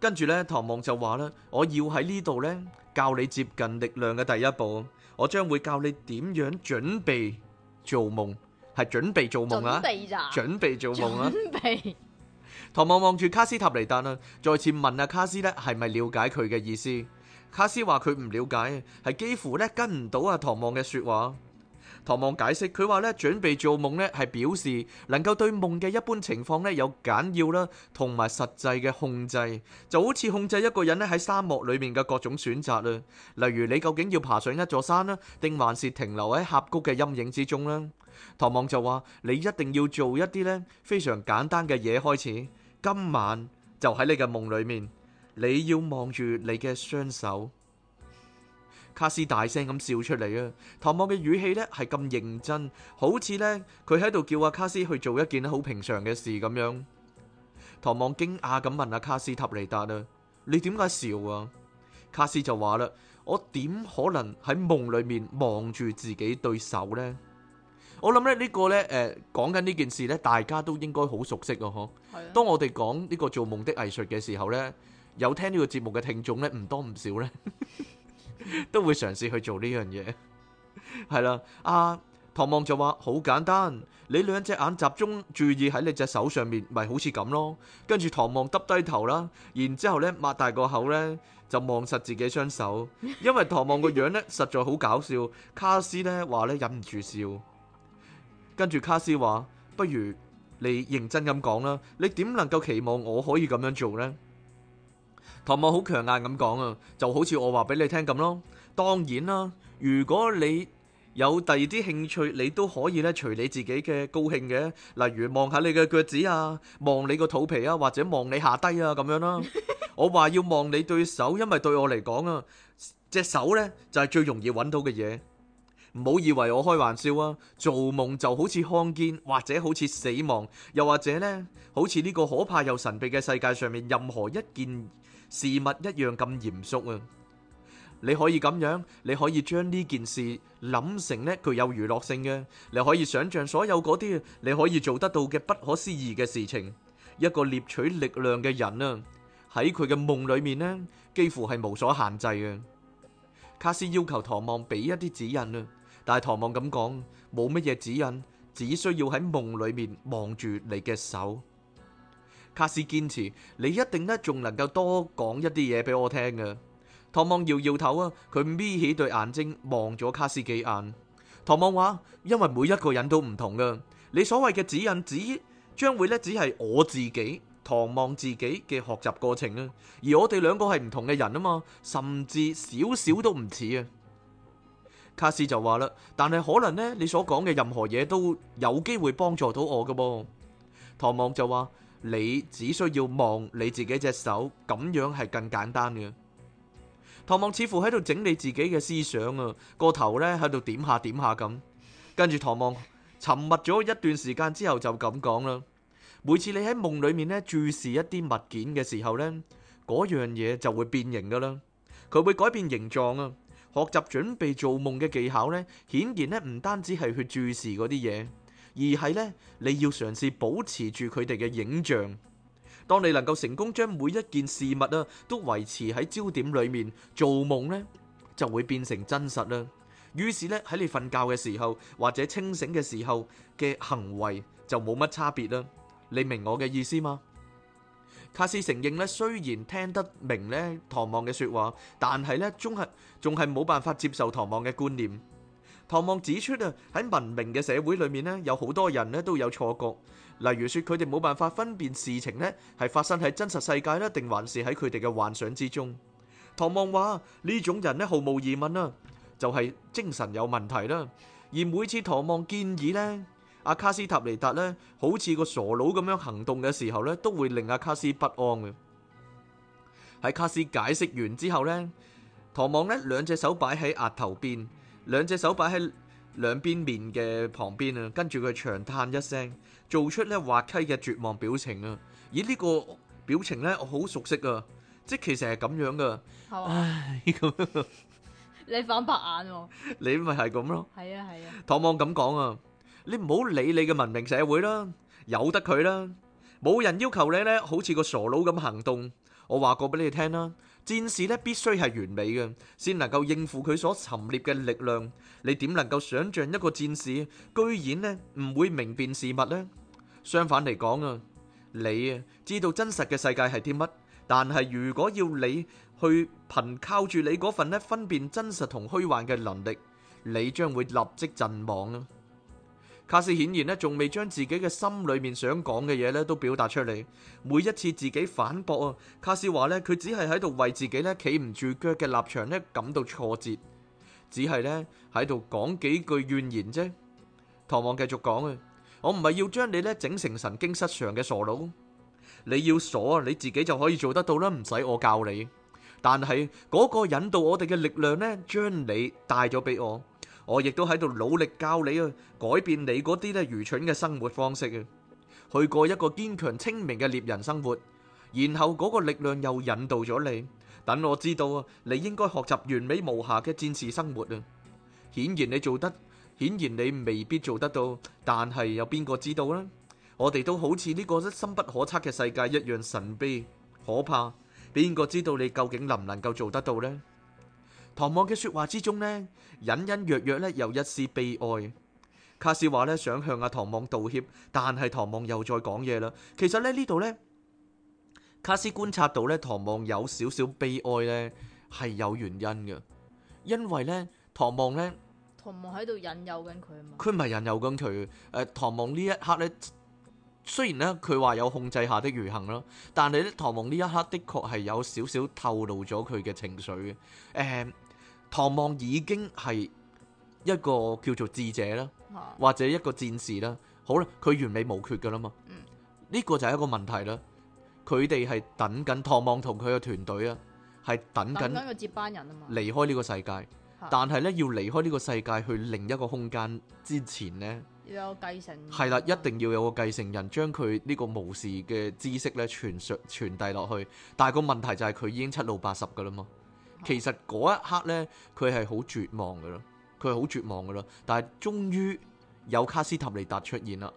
跟住呢，唐望就話咧，我要喺呢度呢，教你接近力量嘅第一步，我將會教你點樣準備。做夢係準備做夢啦、啊，準備做夢、啊？準備做夢啦、啊。唐準備 望望住卡斯塔尼達啦，再次問阿、啊、卡斯咧係咪了解佢嘅意思？卡斯話佢唔了解，係幾乎咧跟唔到阿唐望嘅說話。唐望解釋，佢話咧準備做夢咧係表示能夠對夢嘅一般情況咧有簡要啦，同埋實際嘅控制，就好似控制一個人咧喺沙漠裏面嘅各種選擇啦，例如你究竟要爬上一座山啦，定還是停留喺峽谷嘅陰影之中啦？唐望就話：你一定要做一啲咧非常簡單嘅嘢開始，今晚就喺你嘅夢裡面，你要望住你嘅雙手。卡斯大聲咁笑出嚟啊！唐望嘅語氣咧係咁認真，好似咧佢喺度叫阿卡斯去做一件好平常嘅事咁樣。唐望驚訝咁問阿卡斯塔尼達啦：，你點解笑啊？卡斯就話啦：，我點可能喺夢裏面望住自己對手呢？我諗咧呢個咧誒，講緊呢件事咧，大家都應該好熟悉啊。嗬，當我哋講呢個做夢的藝術嘅時候咧，有聽呢個節目嘅聽眾咧，唔多唔少咧。 都會嘗試去做呢樣嘢，係 啦。阿、啊、唐望就話好 簡單，你兩隻眼集中注意喺你隻手上面，咪好似咁咯。跟住唐望耷低頭啦，然之後咧，擘大個口咧，就望實自己雙手。因為唐望個樣咧實在好搞笑，卡斯咧話咧忍唔住笑。跟住卡斯話：不如你認真咁講啦，你點能夠期望我可以咁樣做呢？唐望好強硬咁講啊，就好似我話俾你聽咁咯。當然啦，如果你有第二啲興趣，你都可以咧隨你自己嘅高興嘅。例如望下你嘅腳趾啊，望你個肚皮啊，或者望你下低啊咁樣啦。我話要望你對手，因為對我嚟講啊，隻手呢就係最容易揾到嘅嘢。唔好以為我開玩笑啊！做夢就好似看見，或者好似死亡，又或者呢，好似呢個可怕又神秘嘅世界上面任何一件事物一樣咁嚴肅啊！你可以咁樣，你可以將呢件事諗成呢具有娛樂性嘅。你可以想象所有嗰啲你可以做得到嘅不可思議嘅事情。一個獵取力量嘅人啊，喺佢嘅夢裏面呢，幾乎係無所限制嘅。卡斯要求唐望俾一啲指引啊，但係唐望咁講，冇乜嘢指引，只需要喺夢裏面望住你嘅手。卡斯堅持，你一定呢仲，能夠多講一啲嘢俾我聽嘅。唐望搖搖頭啊，佢眯起對眼睛望咗卡斯幾眼。唐望話：因為每一個人都唔同噶，你所謂嘅指引指將會咧只係我自己，唐望自己嘅學習過程啊。而我哋兩個係唔同嘅人啊嘛，甚至少少都唔似啊。卡斯就話啦，但係可能呢，你所講嘅任何嘢都有機會幫助到我噶噃。唐望就話。你只需要望你自己隻手，咁樣係更簡單嘅。唐望似乎喺度整理自己嘅思想啊，個頭咧喺度點下點下咁。跟住唐望沉默咗一段時間之後就咁講啦。每次你喺夢裏面咧注視一啲物件嘅時候咧，嗰樣嘢就會變形噶啦，佢會改變形狀啊。學習準備做夢嘅技巧咧，顯然咧唔單止係去注視嗰啲嘢。而係咧，你要嘗試保持住佢哋嘅影像。當你能夠成功將每一件事物啊都維持喺焦點裏面，做夢咧就會變成真實啦。於是咧，喺你瞓覺嘅時候或者清醒嘅時候嘅行為就冇乜差別啦。你明我嘅意思嗎？卡斯承認咧，雖然聽得明咧唐望嘅說話，但係咧仲係仲係冇辦法接受唐望嘅觀念。唐望指出啊，喺文明嘅社會裏面咧，有好多人咧都有錯覺，例如說佢哋冇辦法分辨事情咧係發生喺真實世界咧，定還是喺佢哋嘅幻想之中。唐望話呢種人咧，毫無疑問啦，就係精神有問題啦。而每次唐望建議咧，阿卡斯塔尼達咧，好似個傻佬咁樣行動嘅時候咧，都會令阿卡斯不安嘅。喺卡斯解釋完之後咧，唐望咧兩隻手擺喺額頭邊。兩隻手擺喺兩邊面嘅旁邊啊，跟住佢長嘆一聲，做出咧滑稽嘅絕望表情啊！而呢、這個表情咧，我好熟悉啊，即其實係咁樣噶。係啊，你反白眼，你咪係咁咯。係啊係啊，唐望咁講啊，你唔好理你嘅文明社會啦，由得佢啦，冇人要求你咧，好似個傻佬咁行動。我話過俾你聽啦。戰士咧，必須係完美嘅，先能夠應付佢所陳列嘅力量。你點能夠想象一個戰士居然咧唔會明辨事物咧？相反嚟講啊，你啊知道真實嘅世界係啲乜，但係如果要你去憑靠住你嗰份咧分辨真實同虛幻嘅能力，你將會立即陣亡啊！卡斯顯然咧，仲未將自己嘅心裏面想講嘅嘢咧，都表達出嚟。每一次自己反駁啊，卡斯話咧，佢只係喺度為自己咧企唔住腳嘅立場咧感到挫折，只係咧喺度講幾句怨言啫。唐望繼續講啊，我唔係要將你咧整成神經失常嘅傻佬，你要傻你自己就可以做得到啦，唔使我教你。但係嗰、嗰個引導我哋嘅力量咧，將你帶咗俾我。我亦都喺度努力教你啊，改變你嗰啲咧愚蠢嘅生活方式啊，去過一個堅強清明嘅獵人生活，然後嗰個力量又引導咗你。等我知道啊，你應該學習完美無瑕嘅戰士生活啊。顯然你做得，顯然你未必做得到，但係有邊個知道呢？我哋都好似呢個深不可測嘅世界一樣神秘可怕，邊個知道你究竟能唔能夠做得到呢？唐望嘅說話之中呢，隱隱約約咧有一絲悲哀。卡斯話咧想向阿唐望道歉，但係唐望又再講嘢啦。其實咧呢度呢，卡斯觀察到呢，唐望有少少悲哀呢係有原因嘅，因為呢，唐望呢，唐望喺度引誘緊佢嘛，佢唔係引誘緊佢誒。唐望呢一刻呢，雖然呢，佢話有控制下的餘幸咯，但係咧唐望呢一刻的確係有少，少少透露咗佢嘅情緒嘅，誒、嗯。唐望已經係一個叫做智者啦，啊、或者一個戰士啦，好啦，佢完美無缺噶啦嘛。呢、嗯、個就係一個問題啦。佢哋係等緊唐望同佢嘅團隊啊，係等緊。等緊個接班人啊嘛。離開呢個世界，啊、但係呢，要離開呢個世界去另一個空間之前呢，要有繼承人。係啦，一定要有個繼承人將佢呢個巫士嘅知識呢傳上傳遞落去。但係個問題就係佢已經七老八十噶啦嘛。其實嗰一刻呢，佢係好絕望噶咯，佢係好絕望噶咯。但係終於有卡斯塔尼達出現啦，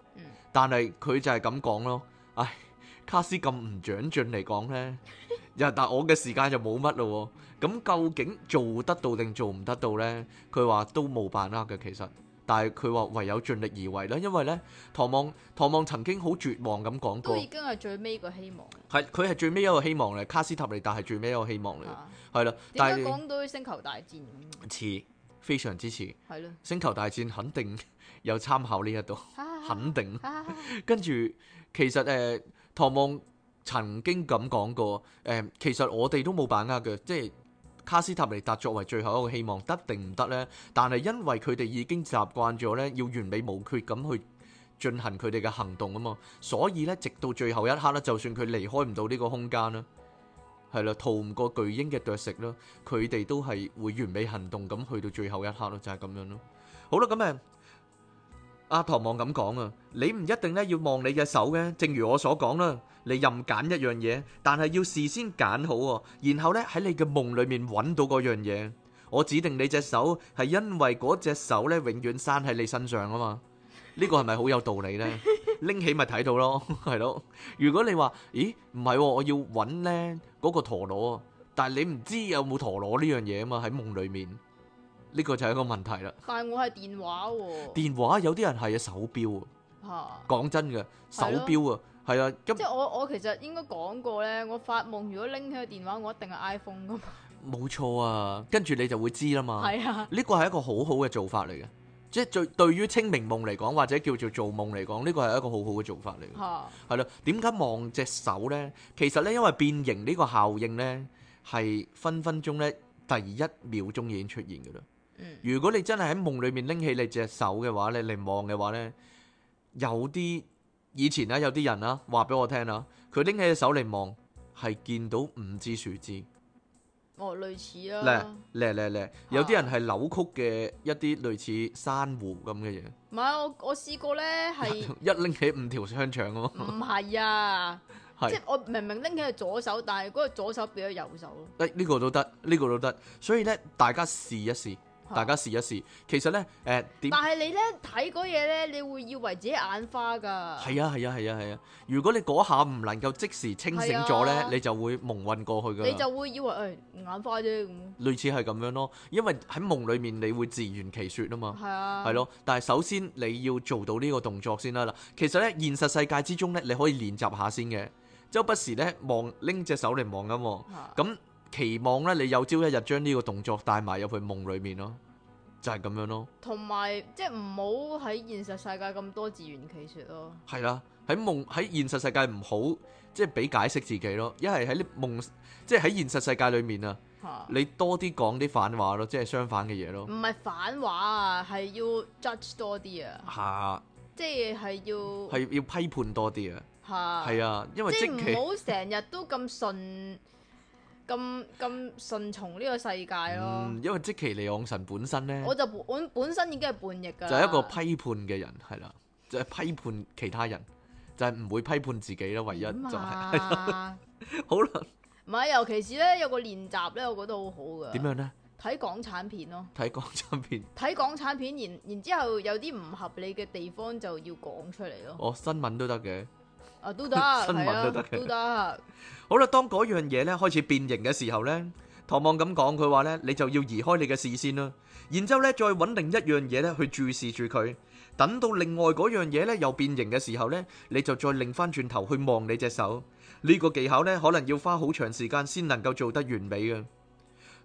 但係佢就係咁講咯，唉、哎，卡斯咁唔長進嚟講呢，又但我嘅時間就冇乜咯，咁究竟做得到定做唔得到呢？佢話都冇辦法嘅，其實。但係佢話唯有盡力而為啦，因為咧，唐望唐望曾經好絕望咁講過，已經係最尾個，個希望。係佢係最尾一個希望嚟，卡斯塔尼達，但係最尾一個希望嚟，係啦。點解講到星球大戰咁？似非常之似，係啦的。星球大戰肯定有參考呢一度，肯定。啊啊、 跟住其實誒、呃，唐望曾經咁講過，誒、呃，其實我哋都冇把握嘅，即係。卡斯塔尼達作為最後一個希望，得定唔得咧？但係因為佢哋已經習慣咗咧，要完美無缺咁去進行佢哋嘅行動啊嘛，所以咧，直到最後一刻咧，就算佢離開唔到呢個空間啦，係啦，逃唔過巨鷹嘅啄食啦，佢哋都係會完美行動咁去到最後一刻咯，就係咁樣咯。好啦，咁啊，阿唐望咁講啊，你唔一定咧要望你嘅手嘅，正如我所講啦。你任揀一樣嘢，但係要事先揀好，然後咧喺你嘅夢裏面搵到嗰樣嘢。我指定你隻手，係因為嗰隻手咧永遠生喺你身上啊嘛。呢個係咪好有道理呢？拎起咪睇到咯，係咯。如果你話，咦，唔係，我要搵呢嗰個陀螺，但係你唔知有冇陀螺呢樣嘢啊嘛？喺夢裏面，呢個就係一個問題啦。但係我係電話喎。電話有啲人係啊，手錶啊。講真嘅，手錶啊。係啊，即係我我其實應該講過咧，我發夢如果拎起個電話，我一定係 iPhone 㗎嘛。冇錯啊，跟住你就會知啦嘛。係啊，呢個係一個好好嘅做法嚟嘅，即係對對於清明夢嚟講，或者叫做做夢嚟講，呢個係一個好好嘅做法嚟嘅。係啦、啊，點解望隻手呢？其實呢，因為變形呢個效應呢，係分分鐘呢，第一秒鐘已經出現㗎啦。嗯、如果你真係喺夢裡面拎起你隻手嘅話，你嚟望嘅話呢，有啲。以前咧，有啲人啦，話俾我聽啦，佢拎起隻手嚟望係見到五支樹枝，哦，類似啊，叻叻叻叻。啊、有啲人係扭曲嘅一啲類似珊瑚咁嘅嘢。唔係、啊，我我試過咧係 一拎起五條香腸咯。唔係啊， 是即係我明明拎起係左手，但係嗰個左手變咗右手咯。誒，呢個都得，呢、呢個都得，所以咧，大家試一試。大家試一試，其實呢，誒但係你呢睇嗰嘢呢，你會以為自己眼花噶。係啊係啊係啊係啊！如果你嗰下唔能夠即時清醒咗呢，啊、你就會蒙混過去噶。你就會以為誒、哎、眼花啫咁。類似係咁樣咯，因為喺夢裏面你會自圓其説啊嘛。係啊。係咯、啊，但係首先你要做到呢個動作先啦。嗱。其實呢，現實世界之中呢，你可以練習下先嘅，周不時呢，望拎隻手嚟望咁。期望咧，你有朝一日將呢個動作帶埋入去夢裏面咯，就係、是、咁樣咯。同埋即係唔好喺現實世界咁多自圓其説咯。係啦、啊，喺夢喺現實世界唔好即係俾解釋自己咯。一係喺啲夢，即係喺現實世界裏面啊，你多啲講啲反話咯，即、就、係、是、相反嘅嘢咯。唔係反話啊，係要 judge 多啲啊。係，即係係要係要批判多啲啊。係啊，因為即唔好成日都咁順。咁咁順從呢個世界咯。嗯，因為即其尼昂神本身咧，我就本本身已經係叛逆㗎。就係一個批判嘅人，係啦，就係批判其他人，就係唔會批判自己啦。唯一就係好啦。唔係，尤其是咧，有個練習咧，我覺得好好噶。點樣咧？睇港產片咯。睇港產片。睇港產片，然然之後有啲唔合理嘅地方就要講出嚟咯。哦，新聞都得嘅。啊，都得。新聞都得都得。好啦，當嗰樣嘢咧開始變形嘅時候咧，唐望咁講，佢話咧，你就要移開你嘅視線啦，然之後咧再揾另一樣嘢咧去注視住佢，等到另外嗰樣嘢咧又變形嘅時候咧，你就再擰翻轉頭去望你隻手。呢個技巧咧可能要花好長時間先能夠做得完美嘅。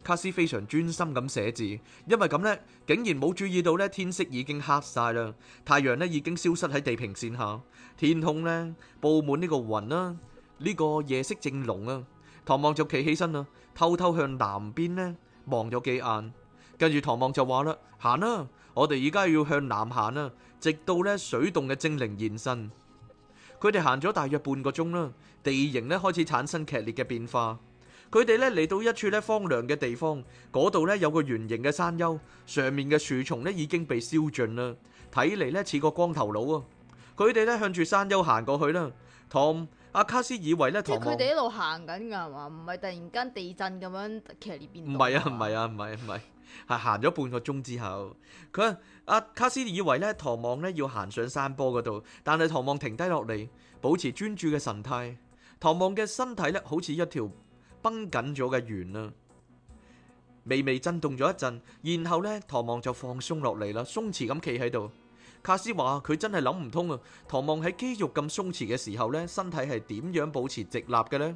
卡斯非常專心咁寫字，因為咁咧竟然冇注意到咧天色已經黑晒啦，太陽咧已經消失喺地平線下，天空咧布滿呢個雲啦。呢個夜色正濃啊，唐望就企起身啦、啊，偷偷向南邊呢望咗幾眼，跟住唐望就話啦：行啦、啊，我哋而家要向南行啦、啊，直到咧水洞嘅精靈現身。佢哋行咗大約半個鐘啦，地形咧開始產生劇烈嘅變化。佢哋咧嚟到一處咧荒涼嘅地方，嗰度咧有個圓形嘅山丘，上面嘅樹叢咧已經被燒盡啦，睇嚟咧似個光頭佬啊。佢哋咧向住山丘行過去啦，唐。阿、啊、卡斯以為咧，即係佢哋一路行緊㗎，係嘛？唔係突然間地震咁樣騎呢邊？唔係啊，唔係啊，唔係唔係，係行咗半個鐘之後，佢阿、啊、卡斯以為咧，唐望咧要行上山坡嗰度，但係唐望停低落嚟，保持專注嘅神態。唐望嘅身體咧好似一條繃緊咗嘅弦啊，微微震動咗一陣，然後咧唐望就放鬆落嚟啦，鬆弛咁企喺度。卡斯話：佢真係諗唔通啊！唐望喺肌肉咁鬆弛嘅時候咧，身體係點樣保持直立嘅咧？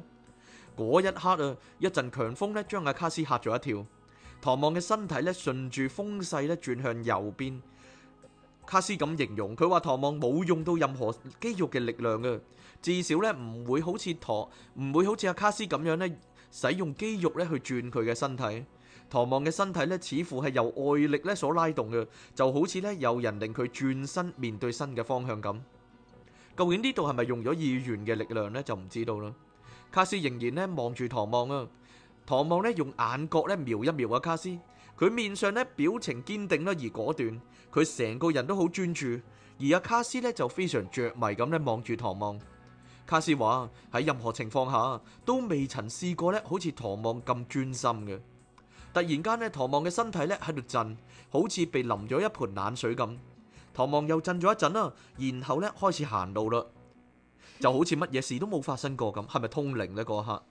嗰一刻啊，一陣強風咧，將阿卡斯嚇咗一跳。唐望嘅身體咧，順住風勢咧，轉向右邊。卡斯咁形容，佢話唐望冇用到任何肌肉嘅力量啊，至少咧唔會好似唐，唔會好似阿卡斯咁樣咧，使用肌肉咧去轉佢嘅身體。唐望嘅身體咧，似乎係由外力咧所拉動嘅，就好似咧有人令佢轉身面對新嘅方向咁。究竟呢度係咪用咗意願嘅力量咧？就唔知道啦。卡斯仍然咧望住唐望啊，唐望咧用眼角咧瞄一瞄啊卡斯，佢面上咧表情堅定而果斷，佢成個人都好專注，而阿卡斯咧就非常着迷咁咧望住唐望。卡斯話喺任何情況下都未曾試過咧，好似唐望咁專心嘅。突然間咧，唐望嘅身體咧喺度震，好似被淋咗一盆冷水咁。唐望又震咗一陣啦，然後咧開始行路啦，就好似乜嘢事都冇發生過咁。係咪通靈呢？嗰刻，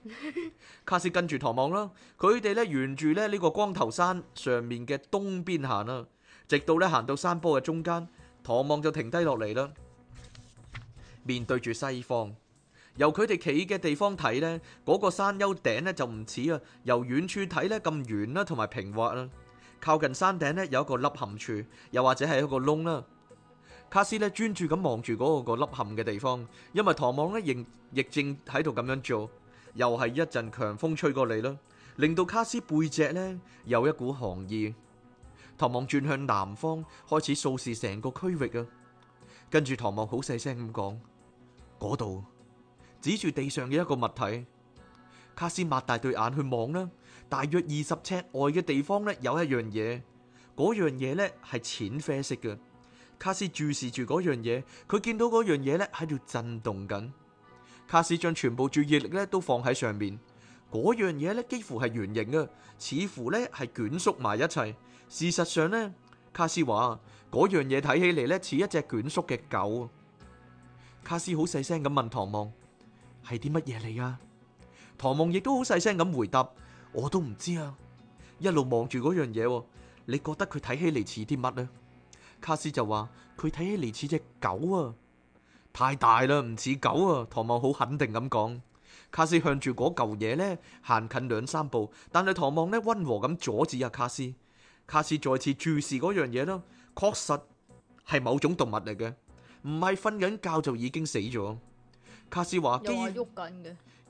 卡斯跟住唐望啦，佢哋咧沿住咧呢個光頭山上面嘅東邊行啦，直到咧行到山坡嘅中間，唐望就停低落嚟啦，面對住西方。由佢哋企嘅地方睇咧，嗰個山丘頂咧就唔似啊！由遠處睇咧咁圓啦，同埋平滑啦。靠近山頂咧有一個凹陷處，又或者係一個窿啦。卡斯咧專注咁望住嗰個凹陷嘅地方，因為唐望咧亦正喺度咁樣做。又係一陣強風吹過嚟啦，令到卡斯背脊咧有一股寒意。唐望轉向南方，開始掃視成個區域啊！跟住唐望好細聲咁講：嗰度。指住地上嘅一個物體，卡斯擘大對眼去望啦。大約二十尺外嘅地方咧，有一樣嘢。嗰樣嘢咧，係淺啡色嘅。卡斯注視住嗰樣嘢，佢見到嗰樣嘢咧喺度震動緊。卡斯將全部注意力咧都放喺上面。嗰樣嘢咧幾乎係圓形嘅，似乎咧係捲縮埋一齊。事實上咧，卡斯話嗰樣嘢睇起嚟，咧似一隻捲縮嘅狗。卡斯好細聲咁問唐望。.係啲乜嘢嚟啊？唐望亦都好細聲咁回答，我都唔知啊。一路望住嗰樣嘢，你覺得佢睇起嚟似啲乜呢？卡斯就話佢睇起嚟似隻狗啊，太大啦，唔似狗啊。唐望好肯定咁講，卡斯向住嗰舊嘢咧行近兩三步，但係唐望呢溫和咁阻止啊。卡斯。卡斯再次注視嗰樣嘢咯，確實係某種動物嚟嘅，唔係瞓緊覺就已經死咗。卡斯話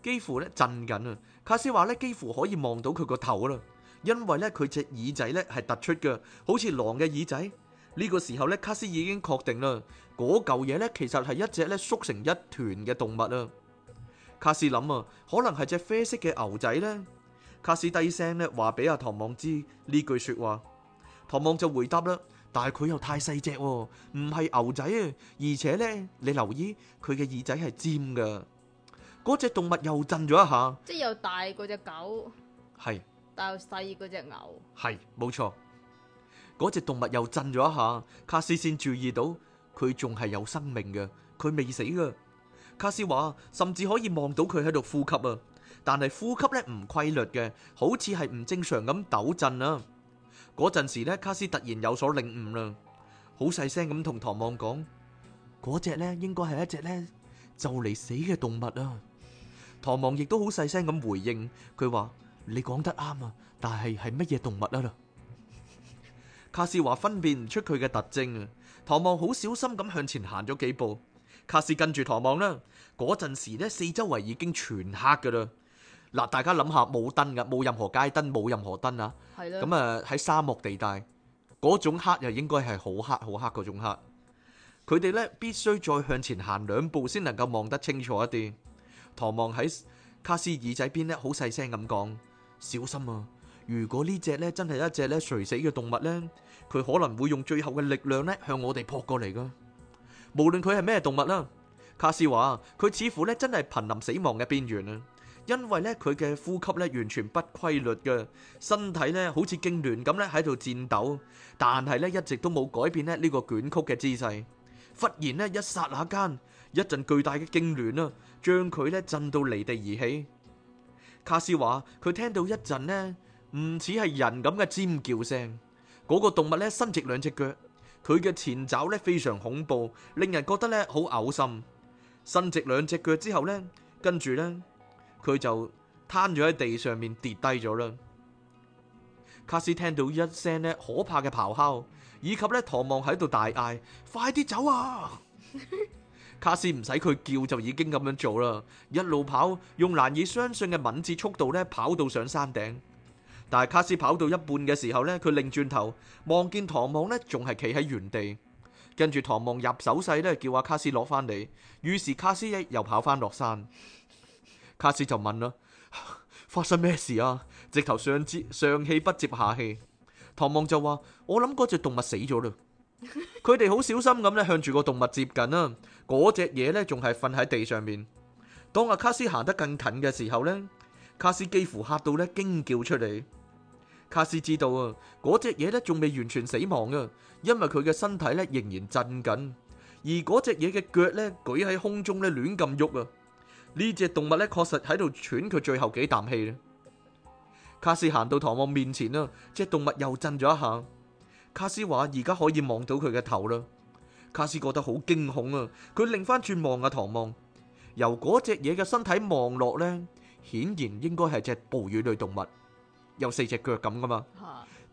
幾乎咧震緊啊！卡斯話咧幾乎可以望到佢個頭啦，因為咧佢隻耳仔咧係突出嘅，好似狼嘅耳仔。呢個時候咧，卡斯已經確定啦，嗰嚿嘢咧其實係一隻咧縮成一團嘅動物啊！卡斯諗啊，可能係隻啡色嘅牛仔咧。卡斯低聲咧話俾阿唐望知呢句說話，唐望就回答啦。但係佢又太細隻，唔係牛仔啊！而且咧，你留意佢嘅耳仔係尖噶。嗰隻動物又震咗一下，即係又大嗰隻狗，係但又細嗰隻牛，係冇錯。嗰隻動物又震咗一下，卡斯先注意到佢仲係有生命嘅，佢未死噶。卡斯話甚至可以望到佢喺度呼吸啊，但係呼吸咧唔規律嘅，好似係唔正常咁抖震啊。嗰陣時咧，卡斯突然有所領悟啦，好細聲咁同唐望講：嗰隻咧應該係一隻咧就嚟死嘅動物啦。唐望亦都好細聲咁回應佢話：你講得啱啊，但係係乜嘢動物啊啦？是是啊，卡斯話分辨唔出佢嘅特徵啊。唐望好小心咁向前行咗幾步，卡斯跟住唐望啦。嗰陣時咧，四周圍已經全黑噶啦。嗱，大家諗下冇燈嘅，冇任何街燈，冇任何燈啊。係啦。咁啊的，喺沙漠地帶嗰種黑又應該係好黑好黑嗰種黑。佢哋咧必須再向前行兩步先能夠望得清楚一啲。唐望喺卡斯耳仔邊咧，好細聲咁講：小心啊！如果呢隻咧真係一隻咧垂死嘅動物咧，佢可能會用最後嘅力量咧向我哋撲過嚟噶。無論佢係咩動物啦，卡斯話佢似乎咧真係瀕臨死亡嘅邊緣啊。因為咧，佢嘅呼吸咧完全不規律嘅，身體咧好似痙攣咁咧喺度顫抖，但係咧一直都冇改變咧呢個捲曲嘅姿勢。忽然咧一剎那間，一陣巨大嘅痙攣啦，將佢咧震到離地而起。卡斯話佢聽到一陣咧唔似係人咁嘅尖叫聲，嗰個動物咧伸直兩隻腳，佢嘅前爪咧非常恐怖，令人覺得咧好嘔心。伸直兩隻腳之後咧，跟住咧。佢就癱咗喺地上面跌低咗啦。卡斯聽到一聲咧可怕嘅咆哮，以及咧唐望喺度大嗌： 快啲走啊！卡斯唔使佢叫就已經咁樣做啦，一路跑，用難以相信嘅敏捷速度咧跑到上山頂。但係卡斯跑到一半嘅時候咧，佢擰轉頭望見唐望咧仲係企喺原地，跟住唐望入手勢咧叫阿卡斯攞翻嚟。於是卡斯一又跑翻落山。卡斯就問啦：發生咩事啊？直頭上接上氣不接下氣。唐望就話：我諗嗰隻動物死咗嘞。佢哋好小心咁咧向住個動物接近啊。嗰隻嘢咧仲係瞓喺地上面。當阿卡斯行得更近嘅時候咧，卡斯幾乎嚇到咧驚叫出嚟。卡斯知道啊，嗰隻嘢咧仲未完全死亡啊，因為佢嘅身體咧仍然震緊，而嗰隻嘢嘅腳咧舉喺空中咧亂咁喐啊。呢隻動物咧，確實喺度喘佢最後幾啖氣啦。卡斯行到唐望面前啦，隻動物又震咗一下。卡斯話：而家可以望到佢嘅頭啦。卡斯覺得好驚恐啊！佢擰翻轉望阿唐望，由嗰隻嘢嘅身體望落咧，顯然應該係隻哺乳類動物，有四隻腳咁㗎嘛。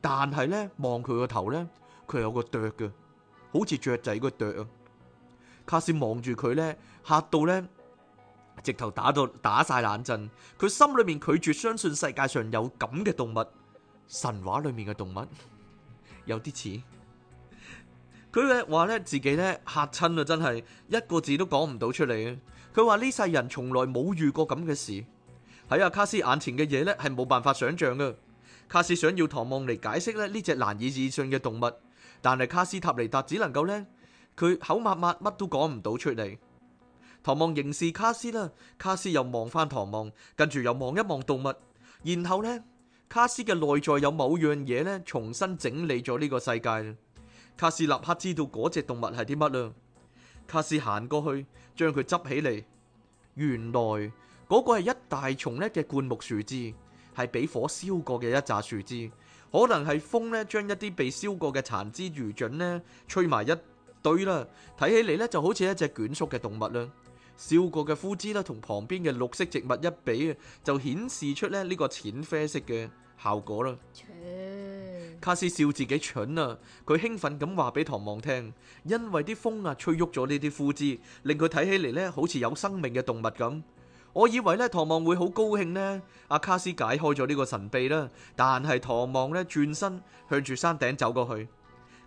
但係咧，望佢個頭咧，佢有個腳嘅，好似雀仔個腳啊。卡斯望住佢咧，嚇到咧。直頭打到打晒冷震，佢心裏面拒絕相信世界上有咁嘅動物，神話裏面嘅動物有啲似。佢嘅話咧，自己咧吓親啊，真係一個字都講唔到出嚟啊！佢話呢世人從來冇遇過咁嘅事，喺阿卡斯眼前嘅嘢咧係冇辦法想象嘅。卡斯想要唐望嚟解釋咧呢隻難以置信嘅動物，但係卡斯塔尼達只能夠咧，佢口抹抹乜都講唔到出嚟。唐望凝視卡斯啦，卡斯又望翻唐望，跟住又望一望動物，然後呢，卡斯嘅內在有某樣嘢呢，重新整理咗呢個世界。卡斯立刻知道嗰隻動物係啲乜啦。卡斯行過去，將佢執起嚟，原來嗰、嗰個係一大叢咧嘅灌木樹枝，係俾火燒過嘅一紮樹枝，可能係風呢將一啲被燒過嘅殘枝餘燼呢吹埋一堆啦，睇起嚟呢就好似一隻捲縮嘅動物啦。笑過嘅枯枝啦，同旁邊嘅綠色植物一比啊，就顯示出咧呢個淺啡色嘅效果啦。 卡斯笑自己蠢啊！佢興奮咁話俾唐望聽，因為啲風啊吹喐咗呢啲枯枝，令佢睇起嚟咧，好似有生命嘅動物咁。我以為咧唐望會好高興呢。阿卡斯解開咗呢個神秘啦，但係唐望咧轉身向住山頂走過去。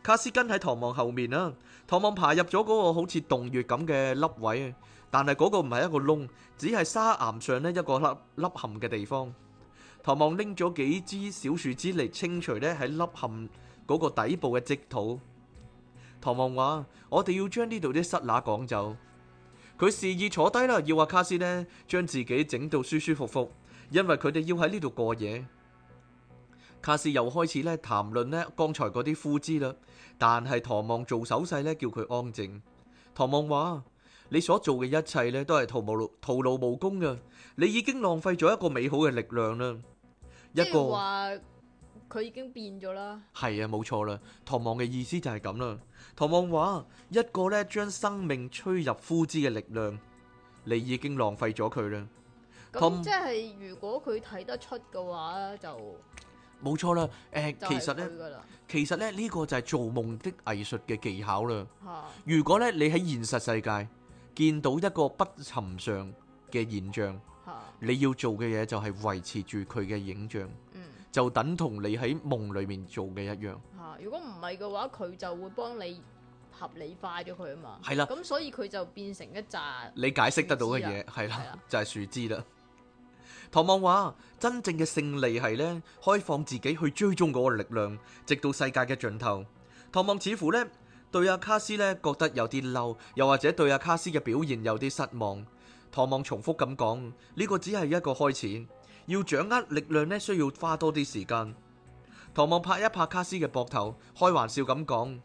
卡斯跟喺唐望後面啦，唐望爬入咗嗰個好似洞穴咁嘅凹位。但係嗰個唔係一個窿，只係沙岩上咧一個凹陷嘅地方。唐望拎咗幾支小樹枝嚟清除呢喺凹陷嗰個底部嘅積土。唐望話：我哋要將呢度啲塞拿趕走。佢示意坐低啦，要話卡斯呢將自己整到舒舒服服，因為佢哋要喺呢度過夜。卡斯又開始咧談論呢剛才嗰啲枯枝啦，但係唐望做手勢咧叫佢安靜。唐望話。你所做嘅一切咧，都係徒勞徒勞無功嘅。你已經浪費咗一個美好嘅力量啦。一個話，佢已經變咗啦。係啊，冇錯啦。唐望嘅意思就係咁啦。唐望話：一個咧，將生命吹入枯枝嘅力量，你已經浪費咗佢啦。咁即係如果佢睇得出嘅話，就冇錯啦。誒，其實咧，其實咧呢個就係做夢的藝術嘅技巧啦。如果咧你喺現實世界。見到一個不尋常嘅現象，你要做嘅嘢就係維持住佢嘅影像，就等同你喺夢裏面做嘅一樣。如果唔係嘅話，佢就會幫你合理化咗佢啊嘛。係啦，咁所以佢就變成一扎你解釋得到嘅嘢，係啦，就係樹枝啦。唐望話：真正嘅勝利係咧，開放自己去追蹤嗰個力量，直到世界嘅盡頭。唐望似乎咧。對阿卡斯咧覺得有啲嬲，又或者對阿卡斯嘅表現有啲失望。唐望重複咁講：呢個只係一個開始，要掌握力量咧，需要花多啲時間。唐望拍一拍卡斯嘅膊頭，開玩笑咁講：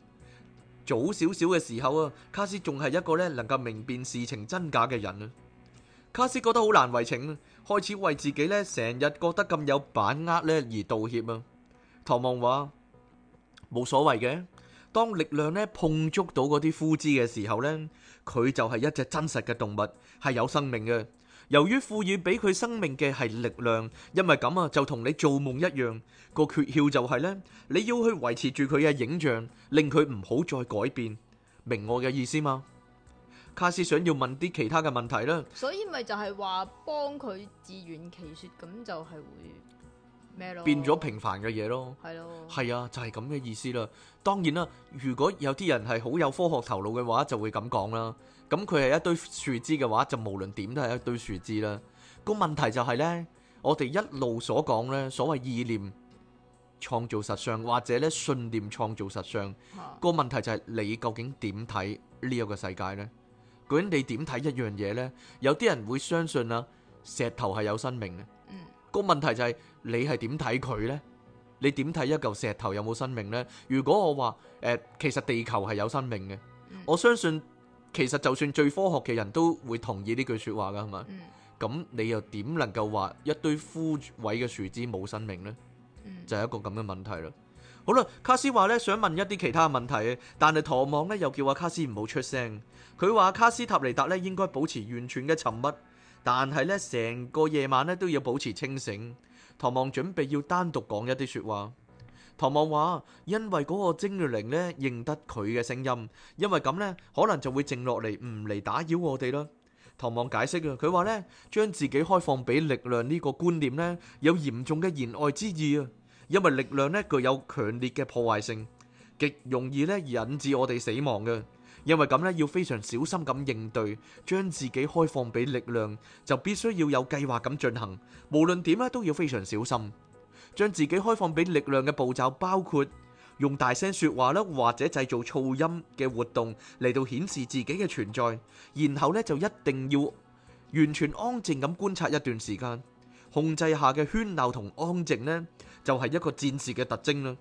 早少少嘅時候啊，卡斯仲係一個咧能夠明辨事情真假嘅人啊。卡斯覺得好難為情，開始為自己咧成日覺得咁有把握咧而道歉啊。唐望話：冇所謂嘅。當力量咧碰觸到嗰啲枯枝嘅時候咧，佢就係一隻真實嘅動物，係有生命嘅。由於賦予俾佢生命嘅係力量，因為咁啊，就同你做夢一樣。個訣竅就係咧，你要去維持住佢嘅影像，令佢唔好再改變。明我嘅意思嘛？卡斯想要問啲其他嘅問題啦。所以咪就係話幫佢自圓其說，咁就係會。變咗平凡嘅嘢咯，係對啊，就係咁嘅意思啦。當然啦，如果有啲人係好有科學頭腦嘅話，就會咁講啦。咁佢係一堆樹枝嘅話，就無論點都係一堆樹枝啦。個問題就係、是、呢，我哋一路所講呢，所謂意念創造實相，或者呢，信念創造實相。個、啊、問題就係你究竟點睇呢一個世界呢？究竟你點睇一樣嘢呢？有啲人會相信啊，石頭係有生命嘅。個問題就係、是、你係點睇佢呢？你點睇一嚿石頭有冇生命呢？如果我話誒、呃，其實地球係有生命嘅，嗯、我相信其實就算最科學嘅人都會同意呢句說話噶，係嘛？咁、嗯、你又點能夠話一堆枯萎嘅樹枝冇生命呢？嗯、就係一個咁嘅問題啦。好啦，卡斯話咧想問一啲其他嘅問題，但係唐望咧又叫阿卡斯唔好出聲。佢話卡斯塔尼達咧應該保持完全嘅沉默。但係咧，成個夜晚咧都要保持清醒。唐望準備要單獨講一啲說話。唐望話：因為嗰個精靈咧認得佢嘅聲音，因為咁咧可能就會靜落嚟，唔嚟打擾我哋啦。唐望解釋啊，佢話咧將自己開放俾力量呢個觀念咧，有嚴重嘅言外之意啊，因為力量咧具有強烈嘅破壞性，極容易咧引致我哋死亡嘅。因為咁咧，要非常小心咁應對，將自己開放俾力量，就必須要有計劃咁進行。無論點咧，都要非常小心，將自己開放俾力量嘅步驟，包括用大聲說話啦，或者製造噪音嘅活動嚟到顯示自己嘅存在。然後咧，就一定要完全安靜咁觀察一段時間。控制下嘅喧鬧同安靜呢，就係一個戰士嘅特徵啦。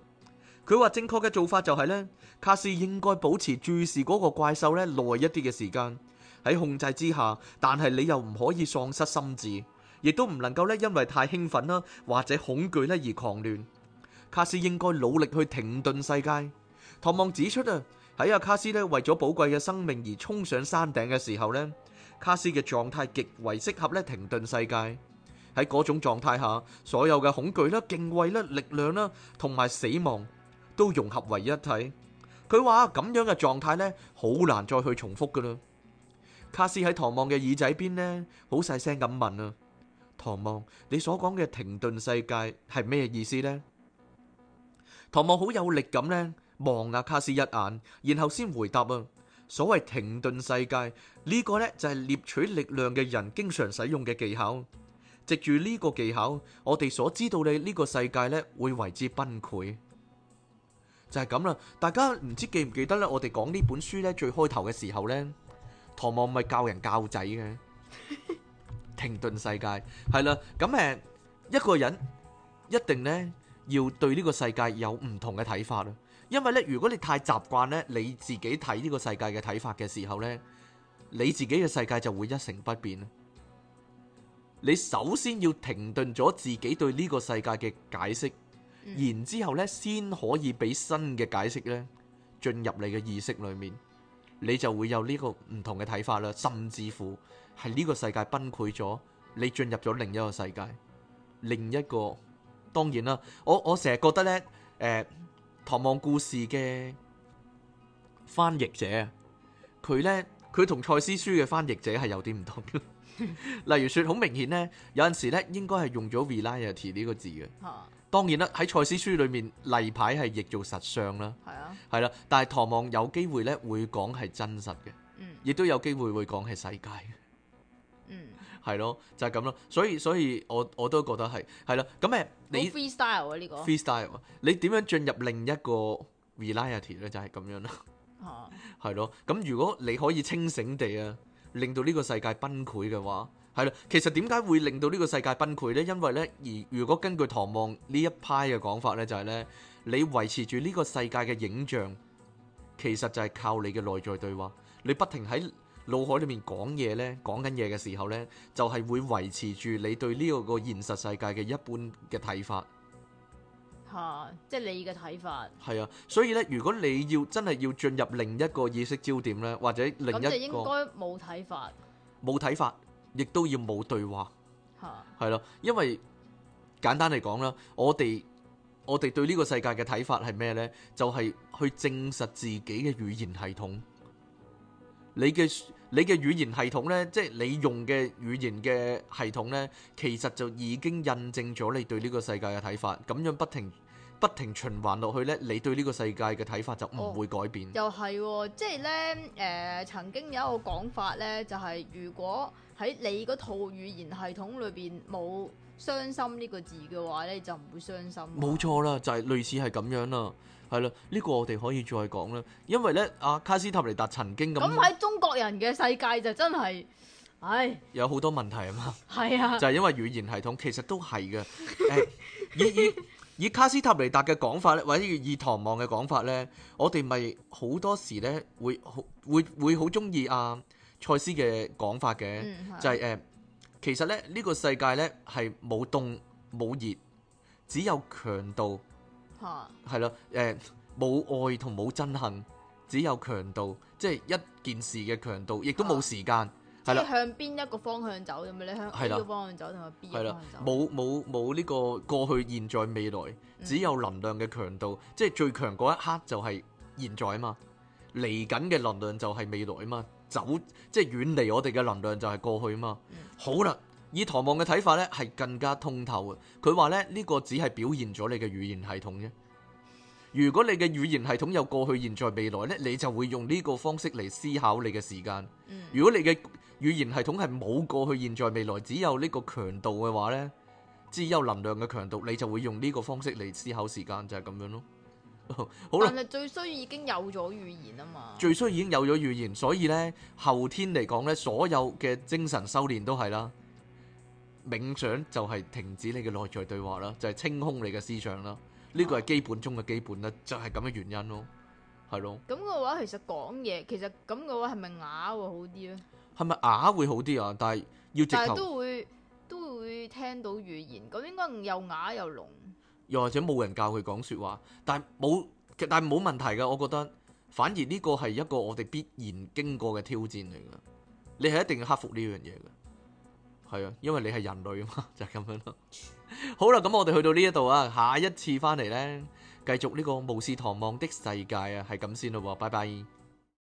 佢話正確嘅做法就係呢，卡斯應該保持注視嗰個怪獸咧，耐一啲嘅時間喺控制之下。但係你又唔可以喪失心智，亦都唔能夠咧，因為太興奮啦或者恐懼咧而狂亂。卡斯應該努力去停頓世界。唐望指出啊，喺阿卡斯咧為咗寶貴嘅生命而衝上山頂嘅時候呢，卡斯嘅狀態極為適合咧停頓世界。喺嗰種狀態下，所有嘅恐懼啦、敬畏啦、力量啦同埋死亡，都融合為一體。佢話咁樣嘅狀態呢，好難再去重複㗎喇。卡斯喺唐望嘅耳仔邊呢，好細聲咁問啊：唐望，你所講嘅停頓世界係咩意思呢？唐望好有力咁呢望阿卡斯一眼，然後先回答啊。所謂停頓世界呢個呢就係獵取力量嘅人經常使用嘅技巧。藉住呢個技巧，我哋所知道嘅呢個世界呢會為之崩潰。就係咁啦，大家唔知記唔記得咧？我哋講呢本書咧，最開頭嘅時候呢，唐望咪教人教仔嘅， 停頓世界係啦。咁誒，一個人一定呢，要對呢個世界有唔同嘅睇法啦。因為呢，如果你太習慣呢，你自己睇呢個世界嘅睇法嘅時候呢，你自己嘅世界就會一成不變。你首先要停頓咗自己對呢個世界嘅解釋。然之後咧，先可以俾新嘅解釋咧，進入你嘅意識裏面，你就會有呢個唔同嘅睇法啦。甚至乎係呢個世界崩潰咗，你進入咗另一個世界，另一個當然啦。我我成日覺得咧，誒《唐望故事》嘅翻譯者佢咧，佢同賽斯書嘅翻譯者係有啲唔同嘅。例如説，好明顯咧，有陣時咧，應該係用咗 reality 呢個字嘅。當然啦，喺《賽斯書》裏面，例牌係譯做實相啦，係啊，係啦，但係唐望有機會咧，會講係真實嘅，嗯，亦都有機會會講係世界，嘅。嗯，係咯，就係咁咯，所以所以我，我我都覺得係係啦，咁誒、啊這個，你 freestyle 啊呢個 freestyle，啊，你點樣進入另一個 reality 咧？就係、是、咁樣啦，哦、啊，係咯，咁如果你可以清醒地啊，令到呢個世界崩潰嘅話，係啦，其實點解會令到呢個世界崩潰呢？因為呢，而如果根據唐望呢一派嘅講法呢，就係呢：你維持住呢個世界嘅影像，其實就係靠你嘅內在對話。你不停喺腦海裏面講嘢呢，講緊嘢嘅時候呢，就係會維持住你對呢個現實世界嘅一般嘅睇法。吓，即係你嘅睇法。係啊，所以呢，如果你要真係要進入另一個意識焦點呢，或者另一個，應該冇睇法，冇睇法。亦都要冇對話，係咯， 因為簡單嚟講啦，我哋我哋對呢個世界嘅睇法係咩呢？就係、是、去證實自己嘅語言系統。你嘅你嘅語言系統呢，即係你用嘅語言嘅系統呢，其實就已經印證咗你對呢個世界嘅睇法。咁樣不停不停循環落去呢，你對呢個世界嘅睇法就唔會改變。哦、又係、哦、即係呢，誒、呃，曾經有一個講法呢，就係、是、如果。喺你嗰套語言系統裏邊冇傷心呢個字嘅話呢，就唔會傷心。冇錯啦，就係、是、類似係咁樣啦，係啦，呢、這個我哋可以再講啦。因為呢，阿、啊、卡斯塔尼達曾經咁。咁喺中國人嘅世界就真係，唉，有好多問題啊嘛。係啊，就係因為語言系統其實都係嘅。以以以卡斯塔尼達嘅講法咧，或者以唐望嘅講法呢，我哋咪好多時呢會好會會好中意啊。蔡司嘅講法嘅、嗯、就係、是、誒，uh, 其實咧呢、這個世界咧係冇凍冇熱，只有強度係咯。誒冇、啊 uh, 愛同冇憎恨，只有強度，即、就、係、是、一件事嘅強度，亦都冇時間係啦。向邊一個方向走咁啊？你的向 A 方向走，同埋 B 方向走，冇冇冇呢個過去、現在、未來，只有能量嘅強度，嗯、即係最強嗰一刻就係現在啊嘛。嚟緊嘅能量就係未來啊嘛。走即係遠離我哋嘅能量就係過去嘛，好啦，以唐望嘅睇法呢係更加通透啊。佢話呢，呢個只係表現咗你嘅語言系統啫。如果你嘅語言系統有過去、現在、未來呢，你就會用呢個方式嚟思考你嘅時間。如果你嘅語言系統係冇過去、現在、未來，只有呢個強度嘅話呢，只有能量嘅強度，你就會用呢個方式嚟思考時間，就係咁樣咯。但係最衰已經有咗語言啊嘛，最衰已經有咗語言，所以呢，後天嚟講呢，所有嘅精神修煉都係啦，冥想就係停止你嘅內在對話啦，就係、是、清空你嘅思想啦，呢、這個係基本中嘅基本啦，啊、就係咁嘅原因咯，係咯。咁嘅話其實講嘢，其實咁嘅話係咪啞會好啲呢？係咪啞會好啲啊？但係要直頭但係都會都會聽到語言，咁應該又啞又聾。又或者冇人教佢講說話，但係冇，但係冇問題嘅，我覺得。反而呢個係一個我哋必然經過嘅挑戰嚟嘅，你係一定要克服呢樣嘢嘅。係啊，因為你係人類啊嘛，就係、是、咁樣咯。 好啦，咁我哋去到呢一度啊，下一次翻嚟呢，繼續呢個巫士唐望的世界啊，係咁先咯喎，拜拜。